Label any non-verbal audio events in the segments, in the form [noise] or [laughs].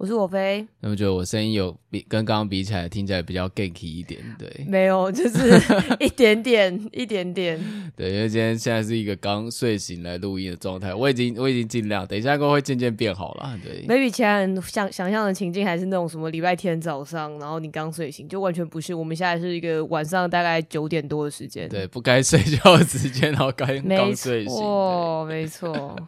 我是 Woffy，那我覺得我聲音有比跟剛剛比起來聽起來比較 ganky 一點，對，沒有，就是一點點， [laughs] 一點點，對，因為今天現在是一個剛睡醒來錄音的狀態，我已經，我已經儘量，等一下各位會會漸漸變好了啦，對，沒比其他想想象的情境還是那種什麼禮拜天早上，然後你剛睡醒，就完全不是，我們現在是一個晚上大概九點多的時間，對，不該睡覺的時間，然後剛睡醒，哦、沒錯。 [laughs]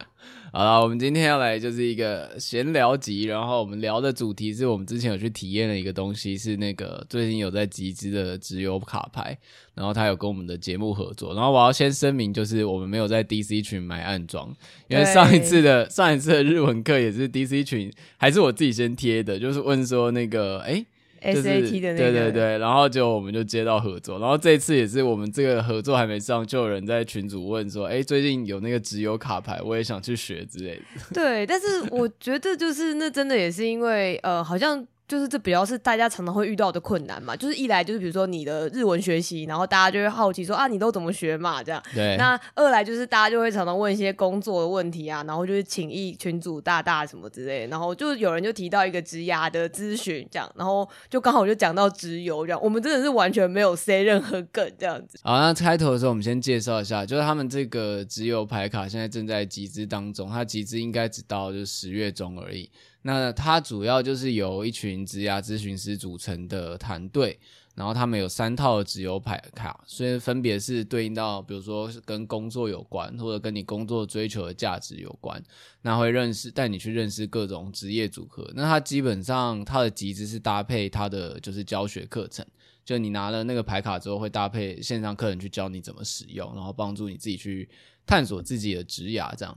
好啦，我們今天要來就是一個閒聊集，然後我們聊的主題是我們之前有去體驗的一個東西，是那個最近有在集資的職遊卡牌，然後他有跟我們的節目合作，然後我要先聲明，就是我們沒有在 DC 群買暗裝，因為上一次的上一次的日文課也是 DC 群，還是我自己先貼的，就是問說那個誒、欸 Sat 的那個、就是對對對，然後就我們就接到合作，然後這次也是我們這個合作還沒上，就有人在群組問說：“哎、欸，最近有那個職涯卡牌，我也想去學之類的。”對，但是我覺得就是 [laughs] 那真的也是因為呃，好像就是這比較是大家常常會遇到的困難嘛，就是一來就是比如說你的日文學習，然後大家就會好奇說啊，你都怎麼學嘛？這樣。對。那二來就是大家就會常常問一些工作的問題啊，然後就是請一群主大大什麼之類，然後就有人就提到一個職涯的諮詢，這樣，然後就剛好我就講到職游這樣，我們真的是完全沒有塞任何梗這樣子。好，那開頭的時候我們先介紹一下，就是他們這個職游牌卡現在正在集資當中，它集資應該只到就是十月中而已。那它主要就是由一群職涯諮詢師組成的團隊，然後他們有三套職涯牌卡，所以分別是對應到，比如說跟工作有關，或者跟你工作追求的價值有關，那會認識帶你去認識各種職業組合。那它基本上它的集資是搭配它的就是教學課程，就你拿了那個牌卡之後，會搭配線上課程去教你怎麼使用，然後幫助你自己去探索自己的職涯，這樣。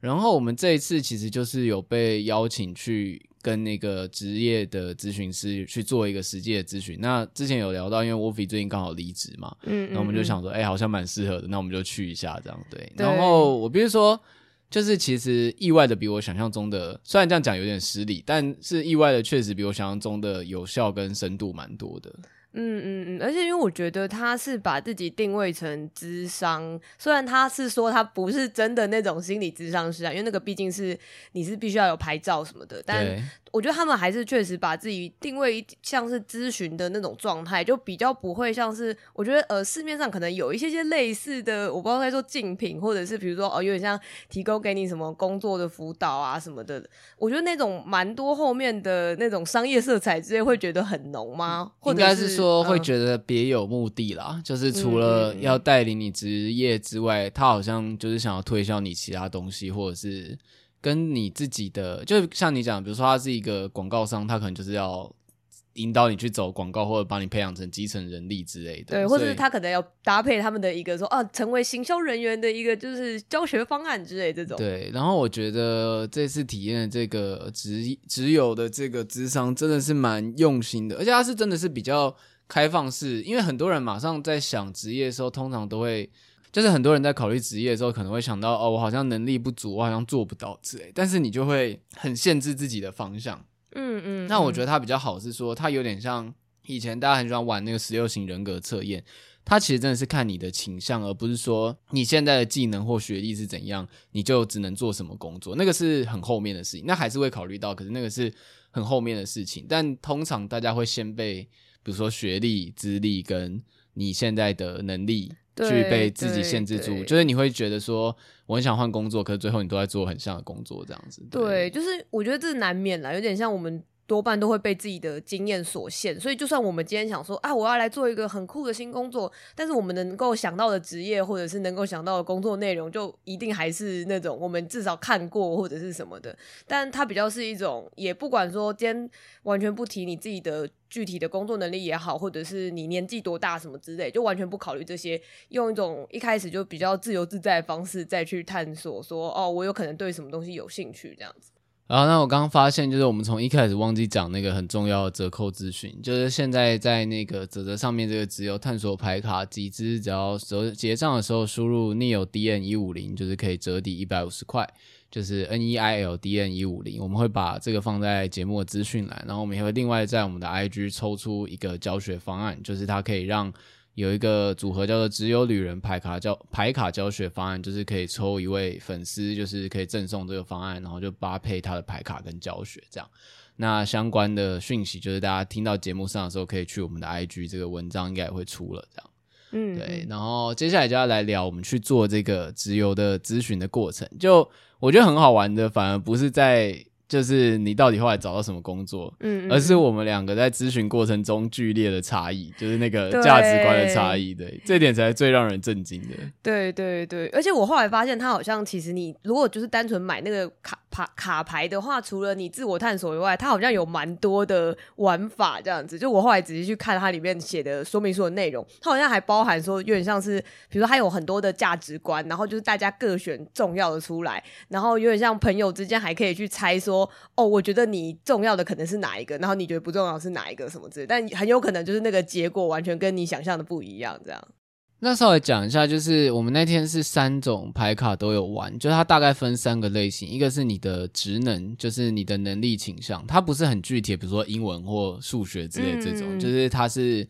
然後我們這一次其實就是有被邀請去跟那個職業的諮詢師去做一個實際的諮詢。那之前有聊到，因為 Woffy 最近剛好離職嘛，嗯，嗯，嗯，那我們就想說，哎、欸，好像蠻適合的，那我們就去一下這樣對。對。然後我比如說，就是其實意外的比我想象中的，雖然這樣講有點失禮，但是意外的確實比我想象中的有效跟深度蠻多的。嗯嗯嗯，而且因為我覺得他是把自己定位成諮商，雖然他是說他不是真的那種心理諮商師啊，因為那個畢竟是你是必須要有牌照什麼的，但。我覺得他們還是確實把自己定位像是諮詢的那種狀態，就比較不會像是我覺得呃市面上可能有一些些類似的，我不知道在做競品或者是比如說哦，有點像提供給你什麼工作的輔導啊什麼的，我覺得那種蠻多後面的那種商業色彩之類會覺得很濃嗎？或者是說會覺得別有目的啦，嗯、就是除了要帶領你職業之外，嗯嗯，他好像就是想要推銷你其他東西或者是。跟你自己的，就像你講，比如說他是一個廣告商，他可能就是要引導你去走廣告，或者把你培養成基層人力之類的。對，或者是他可能要搭配他們的一個說，啊，成為行銷人員的一個就是教學方案之類這種。對，然後我覺得這次體驗的這個職，職遊的這個諮商真的是蠻用心的，而且他是真的是比較開放式，因為很多人馬上在想職業的時候，通常都會。就是很多人在考慮職業的時候，可能會想到哦，我好像能力不足，我好像做不到之類。但是你就會很限制自己的方向。嗯嗯，嗯。那我覺得它比較好是說，它有點像以前大家很喜歡玩那個十六型人格測驗，它其實真的是看你的傾向，而不是說你現在的技能或學歷是怎樣，你就只能做什麼工作。那個是很後面的事情，那還是會考慮到，可是那個是很後面的事情。但通常大家會先被，比如說學歷、資歷跟你現在的能力。去被自己限制住，就是你會覺得說，我很想換工作，可是最後你都在做很像的工作這樣子。對，對，就是我覺得這是難免啦，有點像我們。多半都會被自己的經驗所限，所以就算我們今天想說，啊，我要來做一個很酷的新工作，但是我們能夠想到的職業，或者是能夠想到的工作內容，就一定還是那種我們至少看過或者是什麼的。但它比較是一種，也不管說今天完全不提你自己的具體的工作能力也好，或者是你年紀多大什麼之類，就完全不考慮這些，用一種一開始就比較自由自在的方式再去探索說，說哦，我有可能對什麼東西有興趣這樣子。啊，那我剛剛發現，就是我們從一開始忘記講那個很重要的折扣資訊，就是現在在那個嘖嘖上面這個職涯探索牌卡集資，只要折結賬的時候輸入 Neil DM 一五零，就是可以折抵一百五十塊，就是 N E I L D M 一五零，我們會把這個放在節目的資訊欄，然後我們也會另外在我們的 I G 抽出一個教學方案，就是它可以讓。有一個組合叫做“職遊旅人”牌卡教牌卡教學方案，就是可以抽一位粉絲，就是可以贈送這個方案，然後就搭配他的牌卡跟教學這樣。那相關的訊息就是大家聽到節目上的時候，可以去我們的 IG，這個文章應該也會出了這樣。嗯，對。然後接下來就要來聊我們去做這個職遊的諮詢的過程，就我覺得很好玩的，反而不是在。就是你到底後來找到什麼工作，嗯，嗯，而是我們兩個在諮詢過程中劇烈的差異，就是那個價值觀的差異，對，這點才是最讓人震驚的。對對對，而且我後來發現，他好像其實你如果就是單純買那個卡，卡，卡牌的話，除了你自我探索以外，他好像有蠻多的玩法這樣子。就我後來仔細去看它裡面寫的說明書的內容，它好像還包含說，有點像是，比如說他有很多的價值觀，然後就是大家各選重要的出來，然後有點像朋友之間還可以去猜說，哦，我覺得你重要的可能是哪一個，然後你覺得不重要的是哪一個什麼之類的，但很有可能就是那個結果完全跟你想象的不一樣。這樣，那稍微講一下，就是我們那天是三種牌卡都有玩，就它大概分三個類型，一個是你的職能，就是你的能力傾向，它不是很具體，比如說英文或數學之類的這種，嗯，就是它是。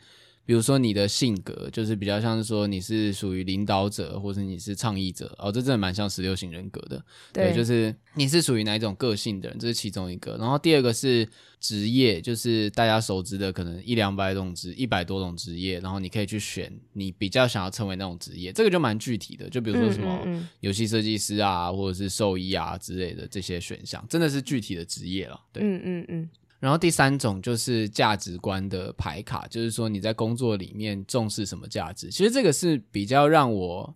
比如說你的性格，就是比較像是說你是屬於領導者，或者你是倡議者哦，這真的蠻像十六型人格的。對。對，就是你是屬於哪一種個性的人，這是其中一個。然後第二個是職業，就是大家熟知的可能一兩百種職、一百多種職業，然後你可以去選你比較想要成為那種職業，這個就蠻具體的。就比如說什麼遊戲設計師啊，或者是獸醫啊之類的這些選項，真的是具體的職業了。對，嗯嗯嗯。嗯然後第三種就是價值觀的牌卡，就是說你在工作裡面重視什麼價值。其實這個是比較讓我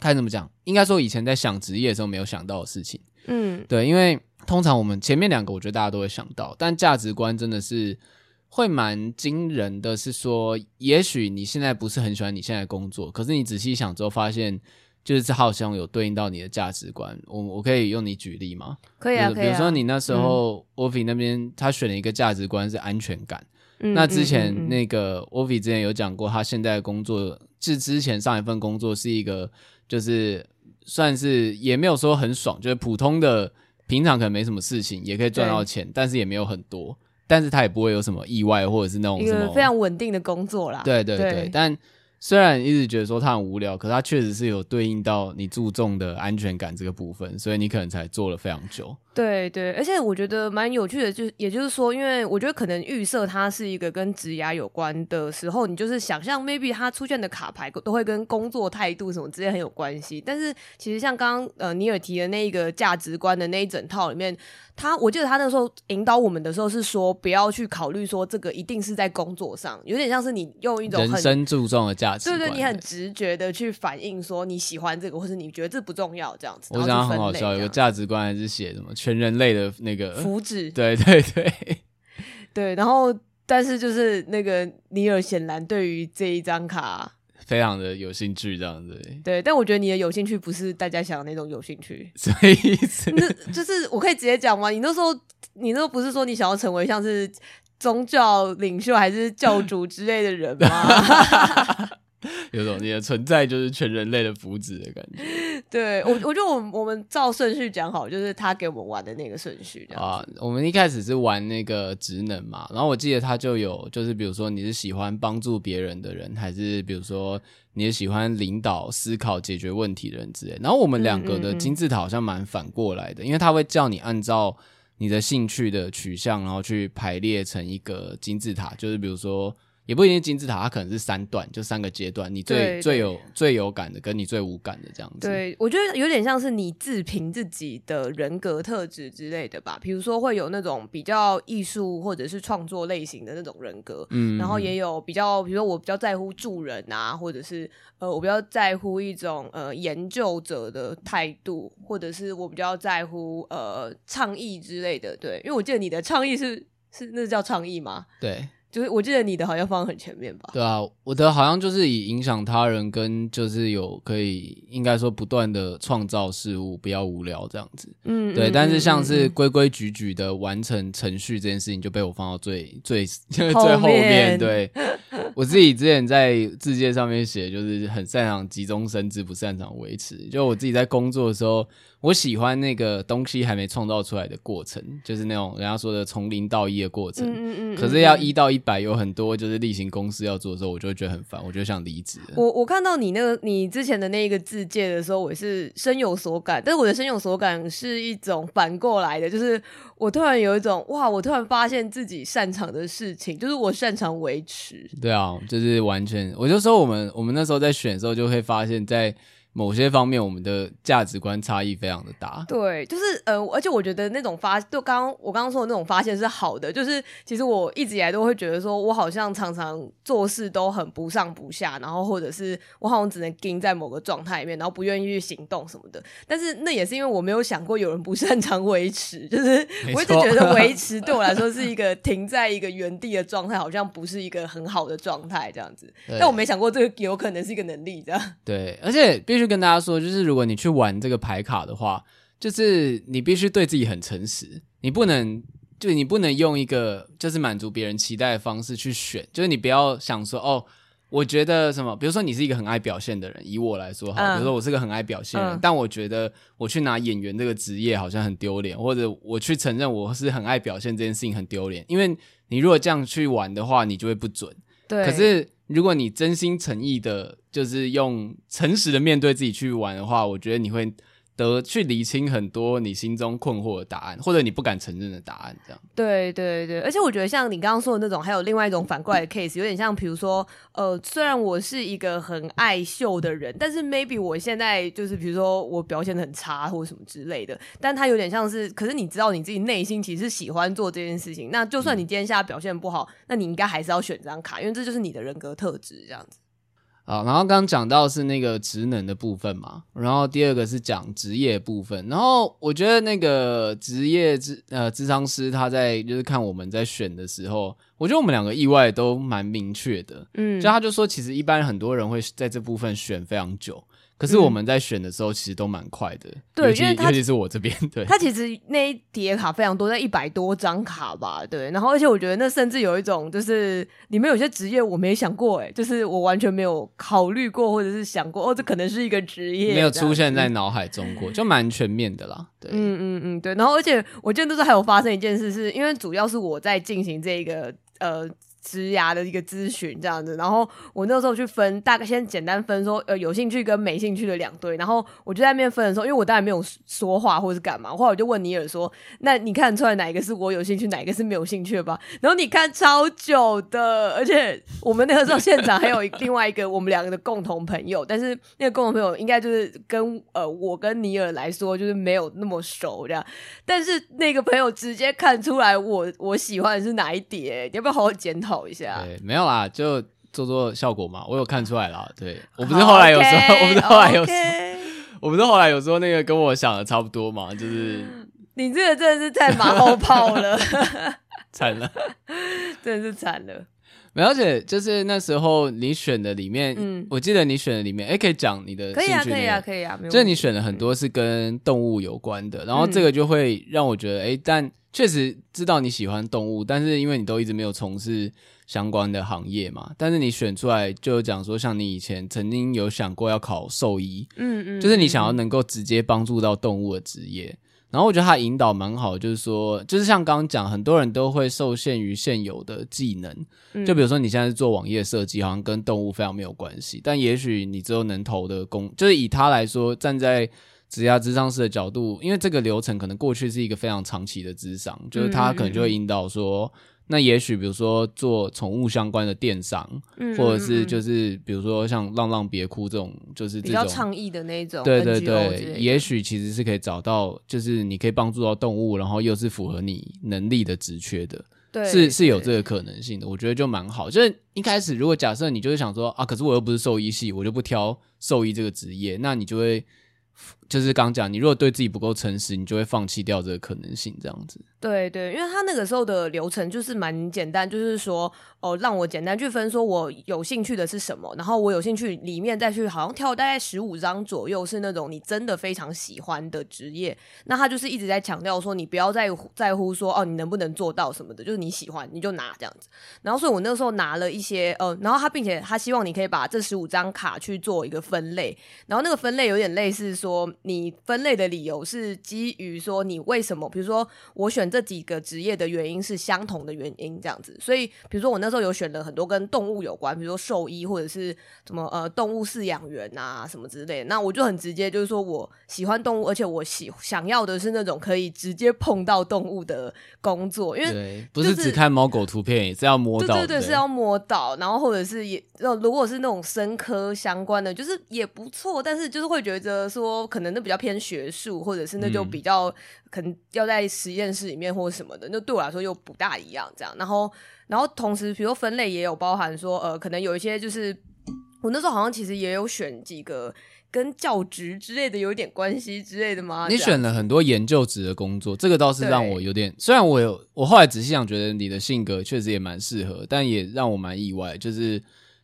看怎麼講，應該說以前在想職業的時候沒有想到的事情。嗯，對，因為通常我們前面兩個我覺得大家都會想到，但價值觀真的是會蠻驚人的是說，也許你現在不是很喜歡你現在的工作，可是你仔細想之後發現。就是這好像有對應到你的價值觀，我我可以用你舉例嗎？可以啊，可以、啊。比如說你那時候，Woffy、嗯、那邊他選了一個價值觀是安全感。嗯、那之前、嗯嗯嗯、那個 Woffy 之前有講過，他現在的工作是之前上一份工作是一個，就是算是也沒有說很爽，就是普通的，平常可能沒什麼事情，也可以賺到錢，但是也沒有很多，但是他也不會有什麼意外或者是那種什麼非常穩定的工作啦。對對對，對但。雖然一直覺得說他很無聊，可是他確實是有對應到你注重的安全感這個部分，所以你可能才做了非常久。對對，而且我覺得蠻有趣的，就是也就是說，因為我覺得可能預設它是一個跟職涯有關的時候，你就是想象 maybe 它出現的卡牌都會跟工作態度什麼之間很有關係。但是其實像剛剛呃尼爾提的那個價值觀的那一整套裡面，他我記得他那時候引導我們的時候是說不要去考慮說這個一定是在工作上，有點像是你用一種很人生注重的價值觀，對對，你很直覺的去反映說你喜歡這個，或是你覺得這不重要這樣，這樣子。我覺得很好笑，有個價值觀還是寫什麼？全人類的那個福祉，對對對，對。然後，但是就是那個尼爾顯然對於這一張卡非常的有興趣，這樣子。對，但我覺得你的有興趣不是大家想的那種有興趣。所以那，就是我可以直接講嗎？你那時候，你那時候不是說你想要成為像是宗教領袖還是教主之類的人嗎？ [laughs] [laughs] 有種你的存在就是全人類的福祉的感覺。 [laughs] 對我，我覺得我們我們照順序講好，就是他給我們玩的那個順序這樣。啊，我們一開始是玩那個職能嘛，然後我記得他就有，就是比如說你是喜歡幫助別人的人，還是比如說你也喜歡領導、思考、解決問題的人之類。然後我們兩個的金字塔好像蠻反過來的，嗯嗯嗯，因為他會叫你按照你的興趣的取向，然後去排列成一個金字塔，就是比如說。也不一定金字塔，它可能是三段，就三個階段。你最最有最有感的，跟你最無感的這樣子。對，我覺得有點像是你自評自己的人格特質之類的吧。比如說會有那種比較藝術或者是創作類型的那種人格，嗯，然後也有比較，比如說我比較在乎助人啊，或者是呃，我比較在乎一種呃研究者的態度，或者是我比較在乎呃倡議之類的。對，因為我記得你的倡議是是那是叫倡議嗎？對。就是我記得你的好像放很前面吧？對啊，我的好像就是以影響他人跟就是有可以應該說不斷的創造事物，不要無聊這樣子。嗯，嗯，嗯，嗯，對。但是像是規規矩矩的完成程序這件事情，就被我放到最最後 [laughs] 最後面，對。 [laughs] 我自己之前在自介上面寫，就是很擅長急中生智，不擅長維持。就我自己在工作的時候，我喜歡那個東西還沒創造出來的過程，就是那種人家說的從零到一的過程。嗯嗯嗯嗯。可是要一到一百，有很多就是例行公事要做的時候，我就會覺得很煩，我就想離職。我我看到你那個你之前的那一個自介的時候，我是深有所感，但是我的深有所感是一種反過來的，就是。我突然有一種哇！我突然發現自己擅長的事情，就是我擅長維持。對啊，就是完全，我就說我們我們那時候在選的時候，就會發現，在。某些方面，我們的價值觀差異非常的大。對，就是呃，而且我覺得那種發，就剛剛我剛剛說的那種發現是好的。就是其實我一直以來都會覺得說，我好像常常做事都很不上不下，然後或者是我好像只能盯在某個狀態裡面，然後不願意去行動什麼的。但是那也是因為我沒有想過有人不擅長維持，就是我一直覺得維持對我來說是一個停在一個原地的狀態， [laughs] 好像不是一個很好的狀態這樣子。但我沒想過這個有可能是一個能力這樣。對，而且必須。就跟大家說，就是如果你去玩這個牌卡的話，就是你必須對自己很誠實，你不能就是你不能用一個就是滿足別人期待的方式去選，就是你不要想說哦，我覺得什麼，比如說你是一個很愛表現的人，以我來說哈、嗯，比如說我是個很愛表現人，嗯、但我覺得我去拿演員這個職業好像很丟臉，或者我去承認我是很愛表現這件事情很丟臉，因為你如果這樣去玩的話，你就會不準。對，可是。如果你真心誠意的，就是用誠實的面對自己去玩的話，我覺得你會得去理清很多你心中困惑的答案，或者你不敢承認的答案，這樣。對對對，而且我覺得像你剛剛說的那種，還有另外一種反過來的 case，有點像，比如說，呃，雖然我是一個很愛秀的人，但是 maybe 我現在就是，比如說我表現得很差或什麼之類的，但他有點像是，可是你知道你自己內心其實是喜歡做這件事情，那就算你今天下表現不好、嗯，那你應該還是要選這張卡，因為這就是你的人格特質，這樣子。啊，然後剛講到是那個職能的部分嘛，然後第二個是講職業部分，然後我覺得那個職業諮呃諮商師他在就是看我們在選的時候，我覺得我們兩個意外都蠻明確的，嗯，所以他就說其實一般很多人會在這部分選非常久。可是我們在選的時候，其實都蠻快的。嗯、對，尤其，因為他，尤其是我這邊，對，他其實那一疊卡非常多，在一百多張卡吧。對，然後而且我覺得那甚至有一種，就是裡面有些職業我沒想過，哎，就是我完全沒有考慮過或者是想過，哦，這可能是一個職業，沒有出現在腦海中過，就蠻全面的啦。對，嗯嗯嗯，對。然後而且我記得那時候還有發生一件事是，是因為主要是我在進行這一個呃。職涯的一個諮詢這樣子，然後我那時候去分，大概先簡單分說，呃，有興趣跟沒興趣的兩堆，然後我就在那邊分的時候，因為我當然沒有說話或者是幹嘛，後來我就問尼爾說：“那你看出來哪一個是我有興趣，哪一個是沒有興趣的吧？”然後你看超久的，而且我們那個時候現場還有 [laughs] 另外一個我們兩個的共同朋友，但是那個共同朋友應該就是跟呃我跟尼爾來說就是沒有那麼熟這樣，但是那個朋友直接看出來我我喜歡的是哪一疊，欸，你要不要好好檢討？考一下，對，沒有啦，就做做效果嘛。我有看出來啦，對，我不是後來有時候，候，我不是後來有，我不是後來有時候那個跟我想的差不多嘛，就是你這個真的是太馬後炮了， [laughs] 慘了， [laughs] 真的是慘了。沒有，而且就是那時候你選的裡面，嗯，我記得你選的裡面，哎，可以講你的，可以啊，可以啊，可以啊，就是你選的很多是跟動物有關的，然後這個就會讓我覺得，哎，但。確實知道你喜歡動物，但是因為你都一直沒有從事相關的行業嘛，但是你選出來就有講說，像你以前曾經有想過要考獸醫，嗯嗯,嗯嗯，就是你想要能夠直接幫助到動物的職業。然後我覺得他引導蠻好，就是說，就是像剛剛講，很多人都會受限於現有的技能，就比如說你現在是做網頁設計，好像跟動物非常沒有關係，但也許你之後能投的工，就是以他來說，站在。職涯諮商師的角度，因為這個流程可能過去是一個非常長期的諮商，就是他可能就會引導說，嗯、那也許比如說做寵物相關的電商，嗯，或者是就是比如說像“浪浪別哭”這種，就是這種比較倡議的那種。對對對，也許其實是可以找到，就是你可以幫助到動物，然後又是符合你能力的職缺的，對，是是有這個可能性的。我覺得就蠻好，就是一開始如果假設你就會想說啊，可是我又不是獸醫系，我就不挑獸醫這個職業，那你就會。就是剛講，你如果對自己不夠誠實，你就會放棄掉這個可能性，這樣子。對對，因為他那個時候的流程就是蠻簡單，就是說哦，讓我簡單去分，說我有興趣的是什麼，然後我有興趣裡面再去好像挑大概十五張左右是那種你真的非常喜歡的職業。那他就是一直在強調說，你不要在乎，在乎說哦，你能不能做到什麼的，就是你喜歡你就拿這樣子。然後，所以我那個時候拿了一些呃，然後他並且他希望你可以把這十五張卡去做一個分類，然後那個分類有點類似說。你分類的理由是基於說你為什麼？比如說我選這幾個職業的原因是相同的原因，這樣子。所以比如說我那時候有選了很多跟動物有關，比如說獸醫或者是什麼呃動物飼養員啊什麼之類的。那我就很直接，就是說我喜歡動物，而且我喜想要的是那種可以直接碰到動物的工作，因為不是只看貓狗圖片，也是要摸到，對對對，是要摸到。然後或者是也如果是那種生科相關的，就是也不錯，但是就是會覺得說可能。可能那比較偏學術，或者是那就比較可能要在實驗室裡面或者什麼的，嗯，那對我來說又不大一樣。這樣，然後，然後同時，比如說分類也有包含說，呃，可能有一些就是我那時候好像其實也有選幾個跟教職之類的有點關係之類的嘛。你選了很多研究職的工作，這個倒是讓我有點，雖然我有我後來仔細想，覺得你的性格確實也蠻適合，但也讓我蠻意外，就是。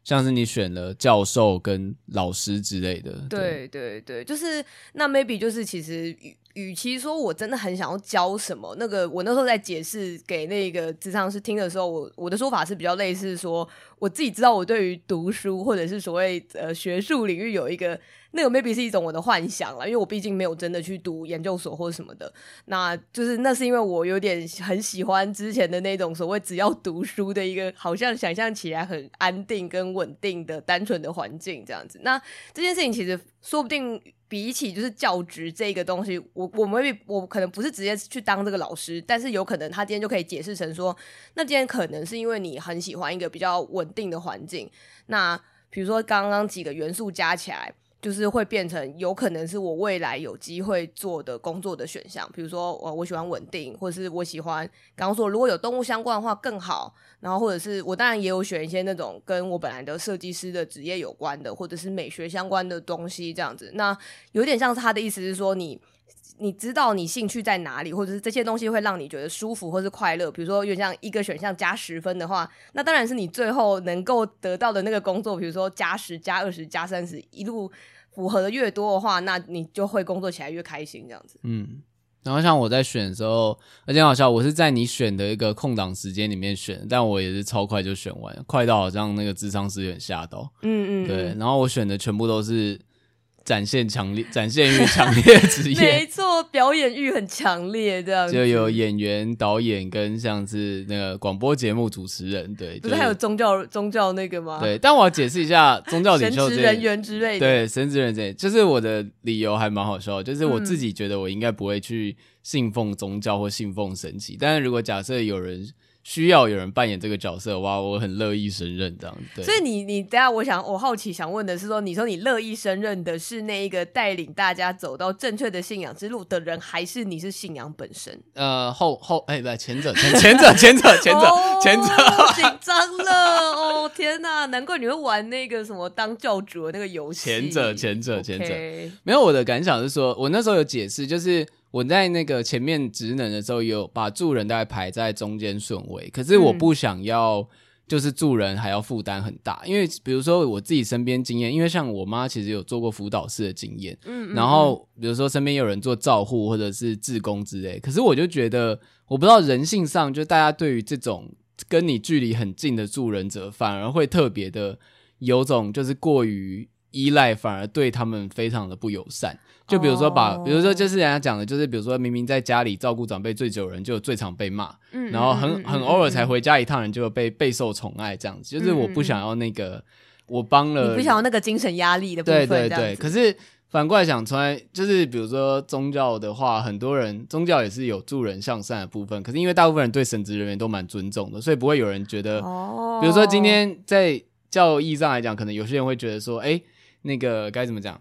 像是你選了教授跟老師之類的，對對，對對，就是那 maybe 就是其實與與其說我真的很想要教什麼，那個我那時候在解釋給那個諮商師聽的時候，我我的說法是比較類似說，我自己知道我對於讀書或者是所謂、呃、學術領域有一個。那個 maybe 是一種我的幻想了，因為我畢竟沒有真的去讀研究所或什麼的，那就是那是因為我有點很喜歡之前的那種所謂只要讀書的一個好像想象起來很安定跟穩定的單純的環境這樣子。那這件事情其實說不定比起就是教職這個東西，我我 maybe 我可能不是直接去當這個老師，但是有可能他今天就可以解釋成說，那今天可能是因為你很喜歡一個比較穩定的環境。那比如說剛剛幾個元素加起來。就是會變成有可能是我未來有機會做的工作的選項，比如說我我喜歡穩定，或者是我喜歡剛剛說如果有動物相關的話更好，然後或者是我當然也有選一些那種跟我本來的設計師的職業有關的，或者是美學相關的東西這樣子。那有點像是他的意思是說你，你知道你興趣在哪裡，或者是這些東西會讓你覺得舒服或是快樂。比如說，越像一個選項加十分的話，那當然是你最後能夠得到的那個工作，比如說加十、加二十、加三十，一路符合的越多的話，那你就會工作起來越開心，這樣子。嗯，然後像我在選的時候，而且很好笑，我是在你選的一個空檔時間裡面選，但我也是超快就選完了，快到好像那個諮商師有點嚇到。嗯，嗯嗯，對。然後我選的全部都是。展現強烈、展現欲強烈的職業， [laughs] 沒錯，表演欲很強烈這樣。就有演員、導演跟像是那個廣播節目主持人，對，不是、就是、還有宗教、宗教那個嗎？對，但我要解釋一下，宗教領袖，神職人員之類的。對，神職人員之類就是我的理由還蠻好笑，就是我自己覺得我應該不會去信奉宗教或信奉神祇，嗯、但是如果假設有人，需要有人扮演這個角色，哇，我很樂意勝任這樣子。所以你你等下，我想我好奇想問的是說，說你說你樂意勝任的是那一個帶領大家走到正確的信仰之路的人，還是你是信仰本身？呃，後後哎不、欸、前者前，前者，前者前者 [laughs] 前者，好緊張了哦，天哪，難怪你會玩那個什麼當教主的那個遊戲。前者前者， [laughs] 前、者、前、者、前、者前者，沒有我的感想是說，我那時候有解釋，就是。我在那個前面職能的時候，也有把助人大概排在中間順位，可是我不想要，就是助人還要負擔很大，嗯，因為比如說我自己身邊經驗，因為像我媽其實有做過輔導師的經驗，嗯，嗯，嗯，然後比如說身邊有人做照護或者是志工之類，可是我就覺得，我不知道人性上，就大家對於這種跟你距離很近的助人者，反而會特別的有種就是過於依賴，反而對他們非常的不友善。就比如說把，把、oh. 比如說就是人家講的，就是比如說明明在家裡照顧長輩最久的人，就最常被罵、嗯；然後很、嗯、很偶爾才回家一趟，人就被備、嗯、受寵愛。這樣子，就是我不想要那個、嗯、我幫了，你不想要那個精神壓力的部分。對對對。可是反過來想出來，就是比如說宗教的話，很多人宗教也是有助人向善的部分。可是因為大部分人對神職人員都蠻尊重的，所以不會有人覺得，oh. 比如說今天在教義上來講，可能有些人會覺得說，哎、欸，那個該怎麼講？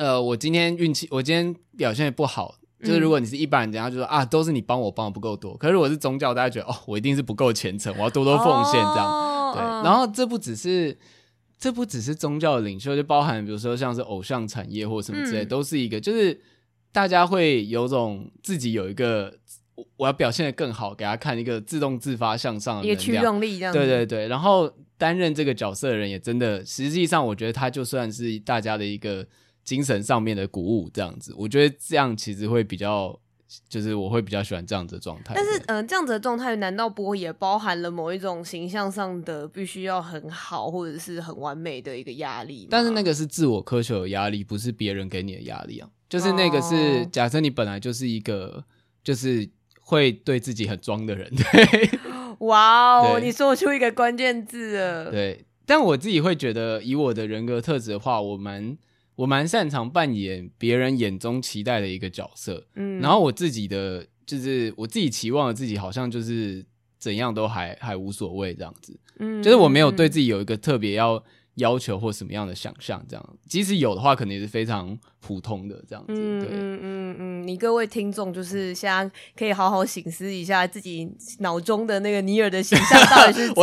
呃，我今天運氣，我今天表現得不好、嗯，就是如果你是一般人，然後就說啊，都是你幫我幫的不夠多。可是我是宗教，大家覺得哦，我一定是不夠虔誠，我要多多奉獻這樣。哦、對，然後這不只是這不只是宗教的領袖，就包含比如說像是偶像產業或什麼之類、嗯，都是一個，就是大家會有種自己有一個，我要表現的更好，給大家看一個自動自發向上的能量。一個驅動力這樣。對對對，然後擔任這個角色的人也真的，實際上我覺得他就算是大家的一個。精神上面的鼓舞，這樣子，我覺得這樣其實會比較，就是我會比較喜歡這樣子的狀態。但是，嗯、呃，這樣子的狀態難道不會也包含了某一種形象上的必須要很好或者是很完美的一個壓力嗎？但是那個是自我苛求的壓力，不是別人給你的壓力啊。就是那個是，oh. 假設你本來就是一個就是會對自己很裝的人。對，哇、wow, 哦，你說出一個關鍵字啊。對，但我自己會覺得，以我的人格特質的話，我蠻。我蠻擅長扮演別人眼中期待的一個角色，嗯，然後我自己的就是我自己期望的自己好像就是怎樣都還還無所謂這樣子，嗯，就是我沒有對自己有一個特別要。要求或什麼樣的想象，這樣即使有的話，肯定也是非常普通的這樣子。對嗯嗯嗯嗯，你各位聽眾就是現在可以好好省思一下，自己腦中的那個尼爾的形象到底是怎樣？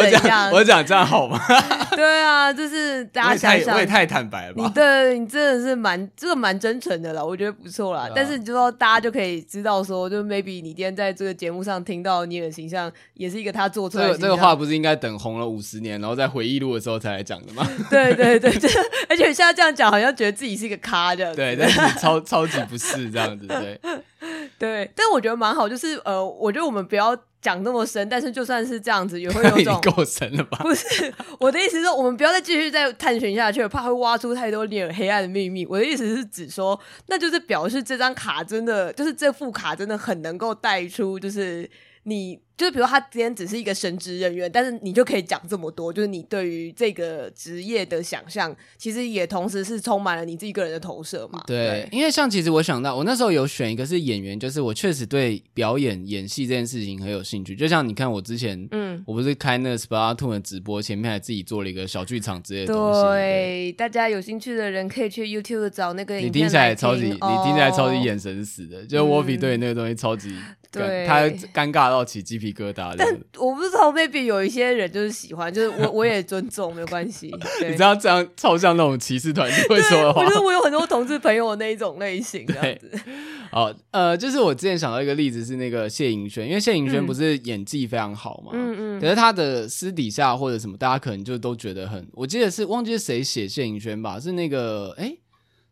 [laughs] 我講這樣好嗎？ [laughs] 對啊，就是大家想想，我也太,我也太坦白了吧？你對你真的是蠻這個蠻真誠的啦，我覺得不錯啦、啊。但是你就說大家就可以知道說，說就 maybe 你今天在這個節目上聽到尼爾形象，也是一個他做出來的。這個話不是應該等紅了五十年，然後在回憶錄的時候才來講的嗎？ [laughs] 對對對對，而且現在這樣講，好像覺得自己是一個咖這樣，對，對但是超 [laughs] 超級不是這樣子，對對。但我覺得蠻好，就是呃，我覺得我們不要講那麼深，但是就算是這樣子，也會有這種 [laughs] 夠深了吧？不是，我的意思是說，我們不要再繼續再探尋下去，怕會挖出太多令黑暗的秘密。我的意思是指說，那就是表示這張卡真的，就是這副卡真的很能夠帶出，就是你。就是，比如他今天只是一個神職人員，但是你就可以講這麼多。就是你對於這個職業的想象，其實也同時是充滿了你自己個人的投射嘛對。對，因為像其實我想到，我那時候有選一個是演員，就是我確實對表演演戲這件事情很有興趣。就像你看我之前，嗯，我不是開那個 Sparta 2的直播，前面還自己做了一個小劇場之類的東西對。對，大家有興趣的人可以去 YouTube 找那個。你聽起來也超級、哦，你聽起來超級眼神死的，嗯、就是 Woffy 對那個東西超級，對他尷尬到起雞皮。疙瘩，但我不知道，maybe 有一些人就是喜歡，就是我我也尊重， [laughs] 沒有關係。你知道這樣，這樣超像那種騎士團就會說的話，就 [laughs] 是我，我有很多同志朋友那一種類型這樣子。的好，呃，就是我之前想到一個例子是那個謝盈萱，因為謝盈萱不是演技非常好嘛，嗯嗯，可是他的私底下或者什麼，大家可能就都覺得很，我記得是忘記是誰寫謝盈萱吧，是那個哎、欸，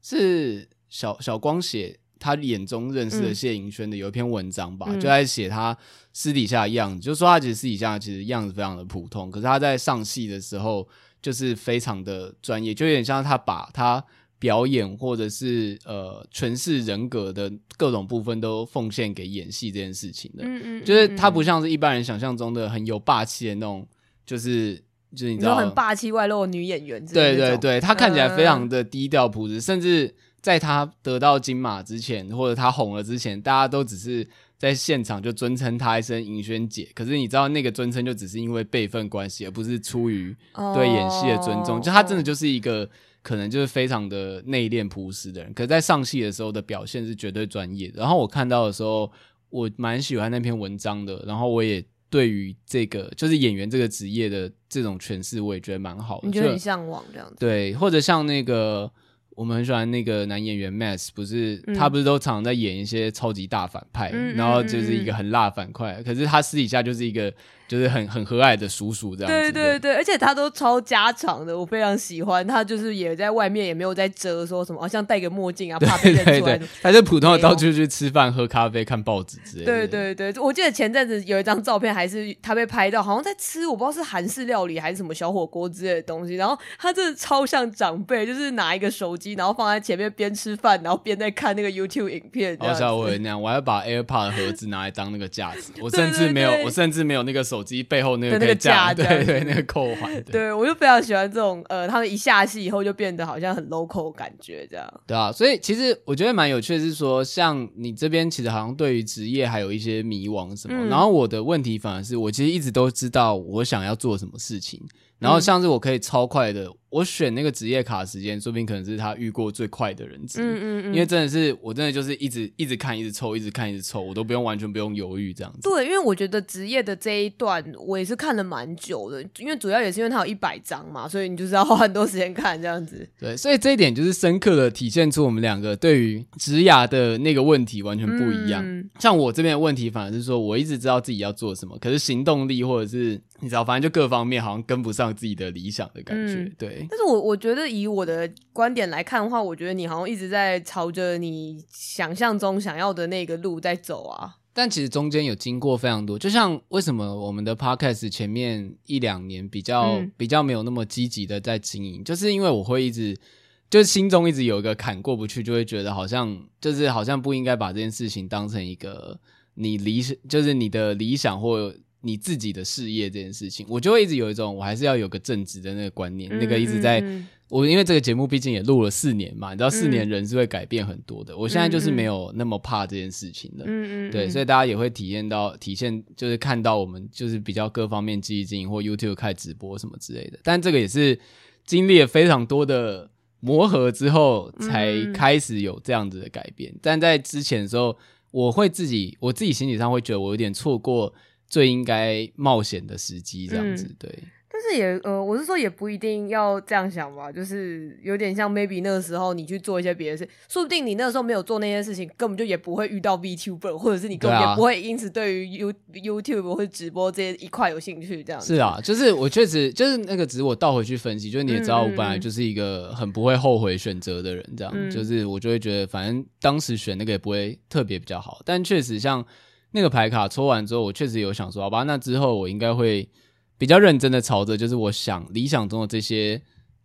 是小小光寫。他眼中認識的謝盈萱的有一篇文章吧，嗯、就在寫他私底下的樣子、嗯，就說他其實私底下其實樣子非常的普通，可是他在上戲的時候就是非常的專業，就有點像他把他表演或者是呃，詮釋人格的各種部分都奉獻給演戲這件事情的、嗯嗯，就是他不像是一般人想象中的很有霸氣的那種，就是就是你知道你很霸氣外露的女演員，對對對、呃，他看起來非常的低調樸實，甚至。在她得到金馬之前，或者她紅了之前，大家都只是在現場就尊稱她一聲“銀萱姐”。可是你知道，那個尊稱就只是因為輩分關係，而不是出於對演戲的尊重。Oh, 就她真的就是一個、oh. 可能就是非常的內斂樸實的人。可是在上戲的時候的表現是絕對專業的。然後我看到的時候，我蠻喜歡那篇文章的。然後我也對於這個就是演員這個職業的這種詮釋，我也覺得蠻好的。你就很向往這樣子？對，或者像那個。我們很喜歡那個男演員 Max 不是、嗯、他不是都常，常在演一些超級大反派，嗯、然後就是一個很辣的反派、嗯嗯嗯，可是他私底下就是一個。就是很很和藹的叔叔這樣子，對對對，對，對，而且他都超家常的，我非常喜歡他就是也在外面也沒有在遮說什麼，好、啊、像戴個墨鏡啊，怕認出來對對對。他就普通的到處去吃飯、哎哦、喝咖啡、看報紙之類的。對，對對對，我記得前陣子有一張照片，還是他被拍到，好像在吃，我不知道是韓式料理還是什麼小火鍋之類的東西。然後他真的超像長輩，就是拿一個手機，然後放在前面邊吃飯，然後邊在看那個 YouTube 影片。好像我也那樣，我還要把 AirPods 盒子拿來當那個架子 [laughs] 對對對對。我甚至沒有，我甚至沒有那個手。手機背後那個對，那個夾，對對，那個扣環。對，我就非常喜歡這種，呃，他們一下戲以後就變得好像很 local 感覺這樣。對啊，所以其實我覺得蠻有趣的是說，像你這邊其實好像對於職業還有一些迷惘什麼，嗯、然後我的問題反而是我其實一直都知道我想要做什麼事情，然後像是我可以超快的。我選那個職業卡時間，說不定可能是他遇過最快的人嗯，嗯嗯，因為真的是我真的就是一直一直看，一直抽，一直看，一直抽，我都不用完全不用猶豫這樣子。對，因為我覺得職業的這一段我也是看了蠻久的，因為主要也是因為他有一百張嘛，所以你就是要花很多時間看這樣子。對，所以這一點就是深刻的體現出我們兩個對於職涯的那個問題完全不一樣。嗯嗯，像我這邊的問題，反而是說我一直知道自己要做什麼，可是行動力或者是你知道，反正就各方面好像跟不上自己的理想的感覺。嗯、對。但是我我覺得，以我的觀點來看的話，我覺得你好像一直在朝着你想象中想要的那個路在走啊。但其實中間有經過非常多，就像為什麼我們的 podcast 前面一兩年比較、嗯、比較沒有那麼積極的在經營，就是因為我會一直就是心中一直有一個坎過不去，就會覺得好像就是好像不應該把這件事情當成一個你理想，就是你的理想或。你自己的事業這件事情，我就會一直有一種，我還是要有個正直的那個觀念，嗯、那個一直在我。因為這個節目畢竟也錄了四年嘛，你知道，四年人是會改變很多的、嗯。我現在就是沒有那麼怕這件事情的，嗯嗯。對，所以大家也會體驗到，體現就是看到我們就是比較各方面積極經營，或 YouTube 開直播什麼之類的。但這個也是經歷了非常多的磨合之後，才開始有這樣子的改變、嗯。但在之前的時候，我會自己，我自己心理上會覺得我有點錯過最應該冒險的時機，這樣子對、嗯。但是也呃，我是說也不一定要這樣想吧，就是有點像 maybe 那個時候你去做一些別的事，說不定你那個時候沒有做那件事情，根本就也不會遇到 VTuber，或者是你根本也不會因此對於 u you,、啊、YouTube 或直播這一塊有興趣這樣。是啊，就是我確實就是那個，只是我倒回去分析，就是你也知道我本來就是一個很不會後悔選擇的人，這樣、嗯，就是我就會覺得反正當時選那個也不會特別比較好，但確實像。那個牌卡抽完之後，我確實有想說，好吧，那之後我應該會比較認真的朝着就是我想理想中的這些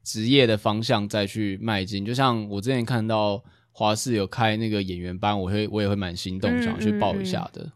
職業的方向再去邁進。就像我之前看到華視有開那個演員班，我會我也會蠻心動，想要去報一下的。嗯嗯嗯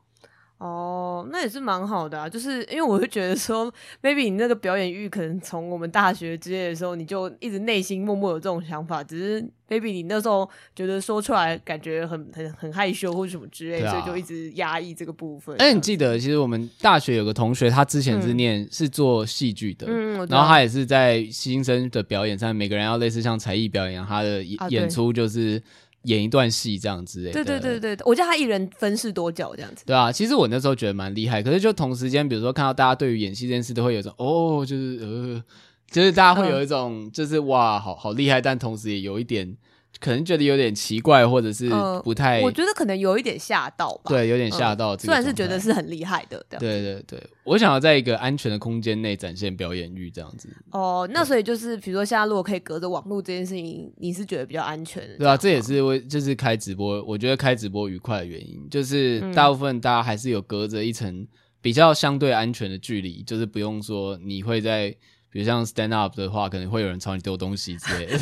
哦，那也是蠻好的啊，就是因為我會覺得說，maybe，你那個表演慾可能從我們大學之夜的時候，你就一直內心默默有這種想法，只是 maybe，你那時候覺得說出來感覺很很很害羞或什麼之類、啊，所以就一直壓抑這個部分。哎、啊，你記得，其實我們大學有個同學，他之前是念、嗯、是做戲劇的，嗯，然後他也是在新生的表演上，每個人要類似像才藝表演，他的演出就是。啊演一段戲這樣子誒，對對對對，我叫他一人分飾多角這樣子。對啊，其實我那時候覺得蠻厲害，可是就同時間，比如說看到大家對於演戲這件事，都會有一種哦，就是呃，就是大家會有一種、嗯、就是哇，好好厲害，但同時也有一點。可能覺得有點奇怪，或者是不太、嗯，我覺得可能有一點嚇到吧。對，有點嚇到、嗯。雖然是覺得是很厲害的。對對對，我想要在一個安全的空間內展現表演欲，這樣子。哦，那所以就是，比如說現在如果可以隔着網絡這件事情，你是覺得比較安全的？對啊，這也是為就是開直播，我覺得開直播愉快的原因，就是大部分大家還是有隔着一層比較相對安全的距離，就是不用說你會在比如像 stand up 的話，可能會有人朝你丟東西之類的。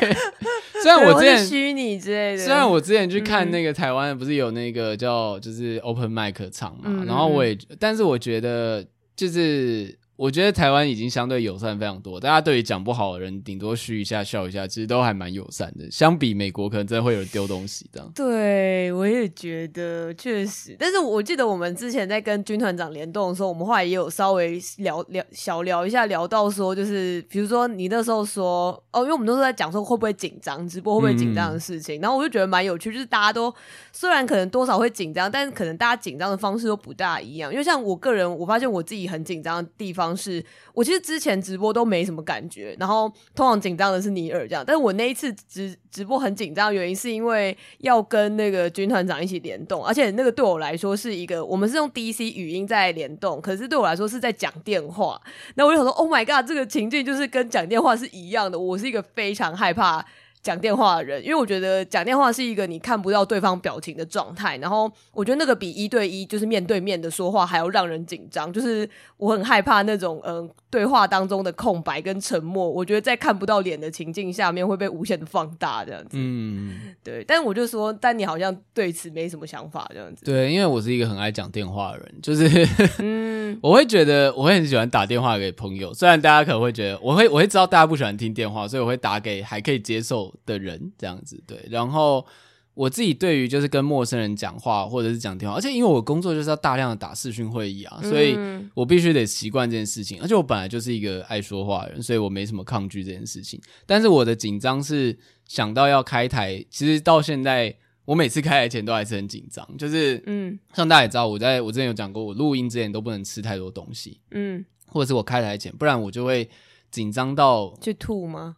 對。 [laughs] 雖然我之前虛擬之類的，雖然我之前去看那個台灣不是有那個叫就是 open mic 唱嘛，然後我也，但是我覺得就是。我覺得台灣已經相對友善非常多，大家對於講不好的人，頂多噓一下、笑一下，其實都還蠻友善的。相比美國，可能真的會有人丟東西這樣。對，我也覺得確實。但是我記得我們之前在跟軍团長聯動的時候，我們後來也有稍微聊聊、小聊一下，聊到說，就是比如說你那時候說哦，因為我們都是在講說會不會緊張、直播會不會緊張的事情，嗯嗯。然後我就覺得蠻有趣，就是大家都雖然可能多少會緊張，但是可能大家緊張的方式都不大一樣。因為像我個人，我發現我自己很緊張的地方。方式，我其實之前直播都沒什麼感覺，然後通常緊張的是尼爾這樣，但是我那一次直直播很緊張，原因是因為要跟那個軍團長一起聯動，而且那個對我來說是一個，我們是用 DC 語音在聯動，可是對我來說是在講電話，那我就想說，Oh my God，這個情境就是跟講電話是一樣的，我是一個非常害怕。講電話的人，因為我覺得講電話是一個你看不到對方表情的狀態，然後我覺得那個比一對一就是面對面的說話還要讓人緊張，就是我很害怕那種嗯對話當中的空白跟沉默，我覺得在看不到臉的情境下面會被無限的放大這樣子，嗯，對。但我就說，但你好像對此沒什麼想法這樣子，對，因為我是一個很愛講電話的人，就是、嗯、 [laughs] 我會覺得我會很喜歡打電話給朋友，雖然大家可能會覺得我會我會知道大家不喜歡聽電話，所以我會打給還可以接受的人這樣子對，然後我自己對於就是跟陌生人講話或者是講電話，而且因為我工作就是要大量的打視訊會議啊，所以我必須得習慣這件事情。而且我本來就是一個愛說話的人，所以我沒什麼抗拒這件事情。但是我的緊張是想到要開台，其實到現在我每次開台前都還是很緊張，就是嗯，像大家也知道，我在我之前有講過，我錄音之前都不能吃太多東西，嗯，或者是我開台前，不然我就會緊張到去吐嗎？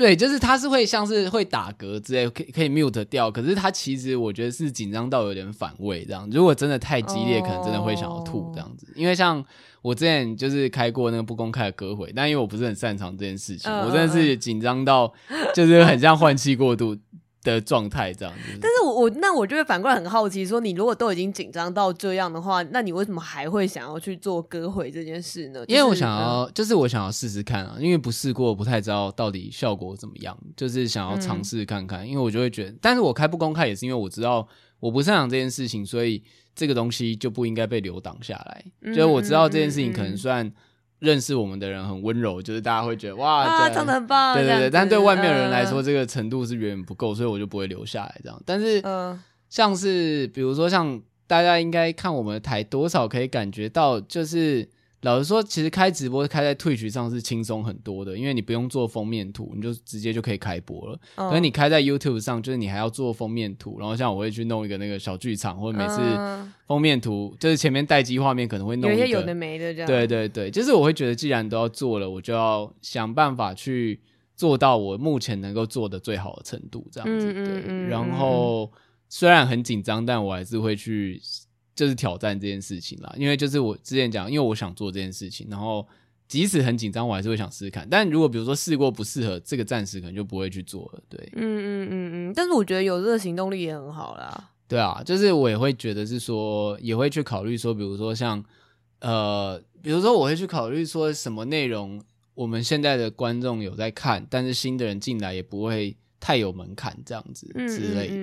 對，就是他是會像是會打嗝之類，可以可以 mute 掉。可是他其實我覺得是緊張到有點反胃這樣。如果真的太激烈，oh. 可能真的會想要吐這樣子。因為像我之前就是開過那個不公開的歌會，但因為我不是很擅長這件事情，oh. 我真的是緊張到就是很像換氣過度。 [laughs] 的狀態這樣子。但是我我那我就會反過來很好奇，說，你如果都已經緊張到這樣的話，那你為什麼還會想要去做歌會這件事呢？就是呢？因為我想要，就是我想要試試看啊，因為不試過，不太知道到底效果怎麼樣，就是想要嘗試看看、嗯。因為我就會覺得，但是我開不公開也是因為我知道我不擅長這件事情，所以這個東西就不應該被留檔下來。就是我知道這件事情可能算嗯嗯嗯。認識我們的人很溫柔，就是大家會覺得哇，真、啊、的很棒，對對對。但對外面的人來說，呃，這個程度是遠遠不夠，所以我就不會留下來這樣。但是，呃、像是比如說像，像大家應該看我們的台多少，可以感覺到就是。老實說，其實開直播開在 Twitch 上是輕鬆很多的，因為你不用做封面圖，你就直接就可以開播了。Oh. 可是你開在 YouTube 上，就是你還要做封面圖，然後像我會去弄一個那個小劇場，或者每次封面圖、uh. 就是前面待機畫面可能會弄一個有，一些有的沒的這樣。對對對，就是我會覺得既然都要做了，我就要想辦法去做到我目前能夠做的最好的程度這樣子。嗯嗯嗯嗯。對，然後雖然很緊張，但我還是會去。就是挑戰這件事情啦，因為就是我之前講，因為我想做這件事情，然後即使很緊張，我還是會想試試看。但如果比如說試過不適合，這個暫時可能就不會去做了。對，嗯嗯嗯嗯。但是我覺得有這個行動力也很好啦。對啊，就是我也會覺得是說，也會去考慮說，比如說像呃，比如說我會去考慮說什麼內容，我們現在的觀眾有在看，但是新的人進來也不會。太有門檻這樣子之類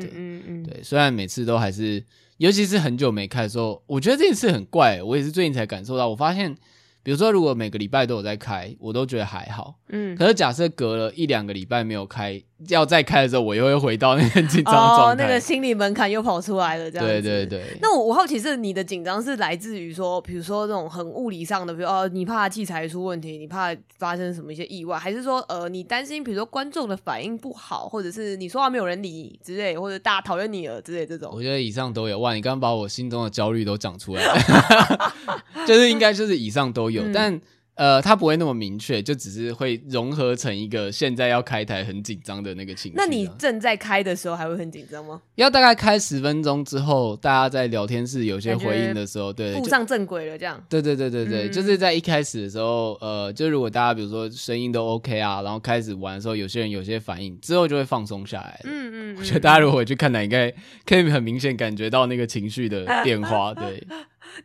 的，對，雖然每次都還是，尤其是很久沒開的時候，我覺得這一次很怪欸。我也是最近才感受到，我發現，比如說如果每個禮拜都有在開，我都覺得還好，嗯，可是假設隔了一兩個禮拜沒有開。要再開的時候，我又會回到那緊張狀態，oh, 那個心理門檻又跑出來了。這樣子對對對。那我我好奇是你的緊張是來自於說，比如說這種很物理上的，比如哦，你怕器材出問題，你怕發生什麼一些意外，還是說呃，你擔心比如說觀眾的反應不好，或者是你說話沒有人理你之類，或者大家討厭你了之類這種。我覺得以上都有哇！你剛把我心中的焦慮都講出來了， [laughs] [laughs] 就是應該就是以上都有，嗯。但。呃，它不會那麼明確，就只是會融合成一個現在要開台很緊張的那個情緒啊。那你正在開的時候還會很緊張嗎？要大概開十分鐘之後，大家在聊天室有些回應的時候，對，步上正軌了這樣對。對對對對對嗯嗯，就是在一開始的時候，呃，就如果大家比如說聲音都 OK 啊，然後開始玩的時候，有些人有些反應之後就會放鬆下來。嗯，嗯嗯，我覺得大家如果回去看台，應該可以很明顯感覺到那個情緒的變化，啊，對。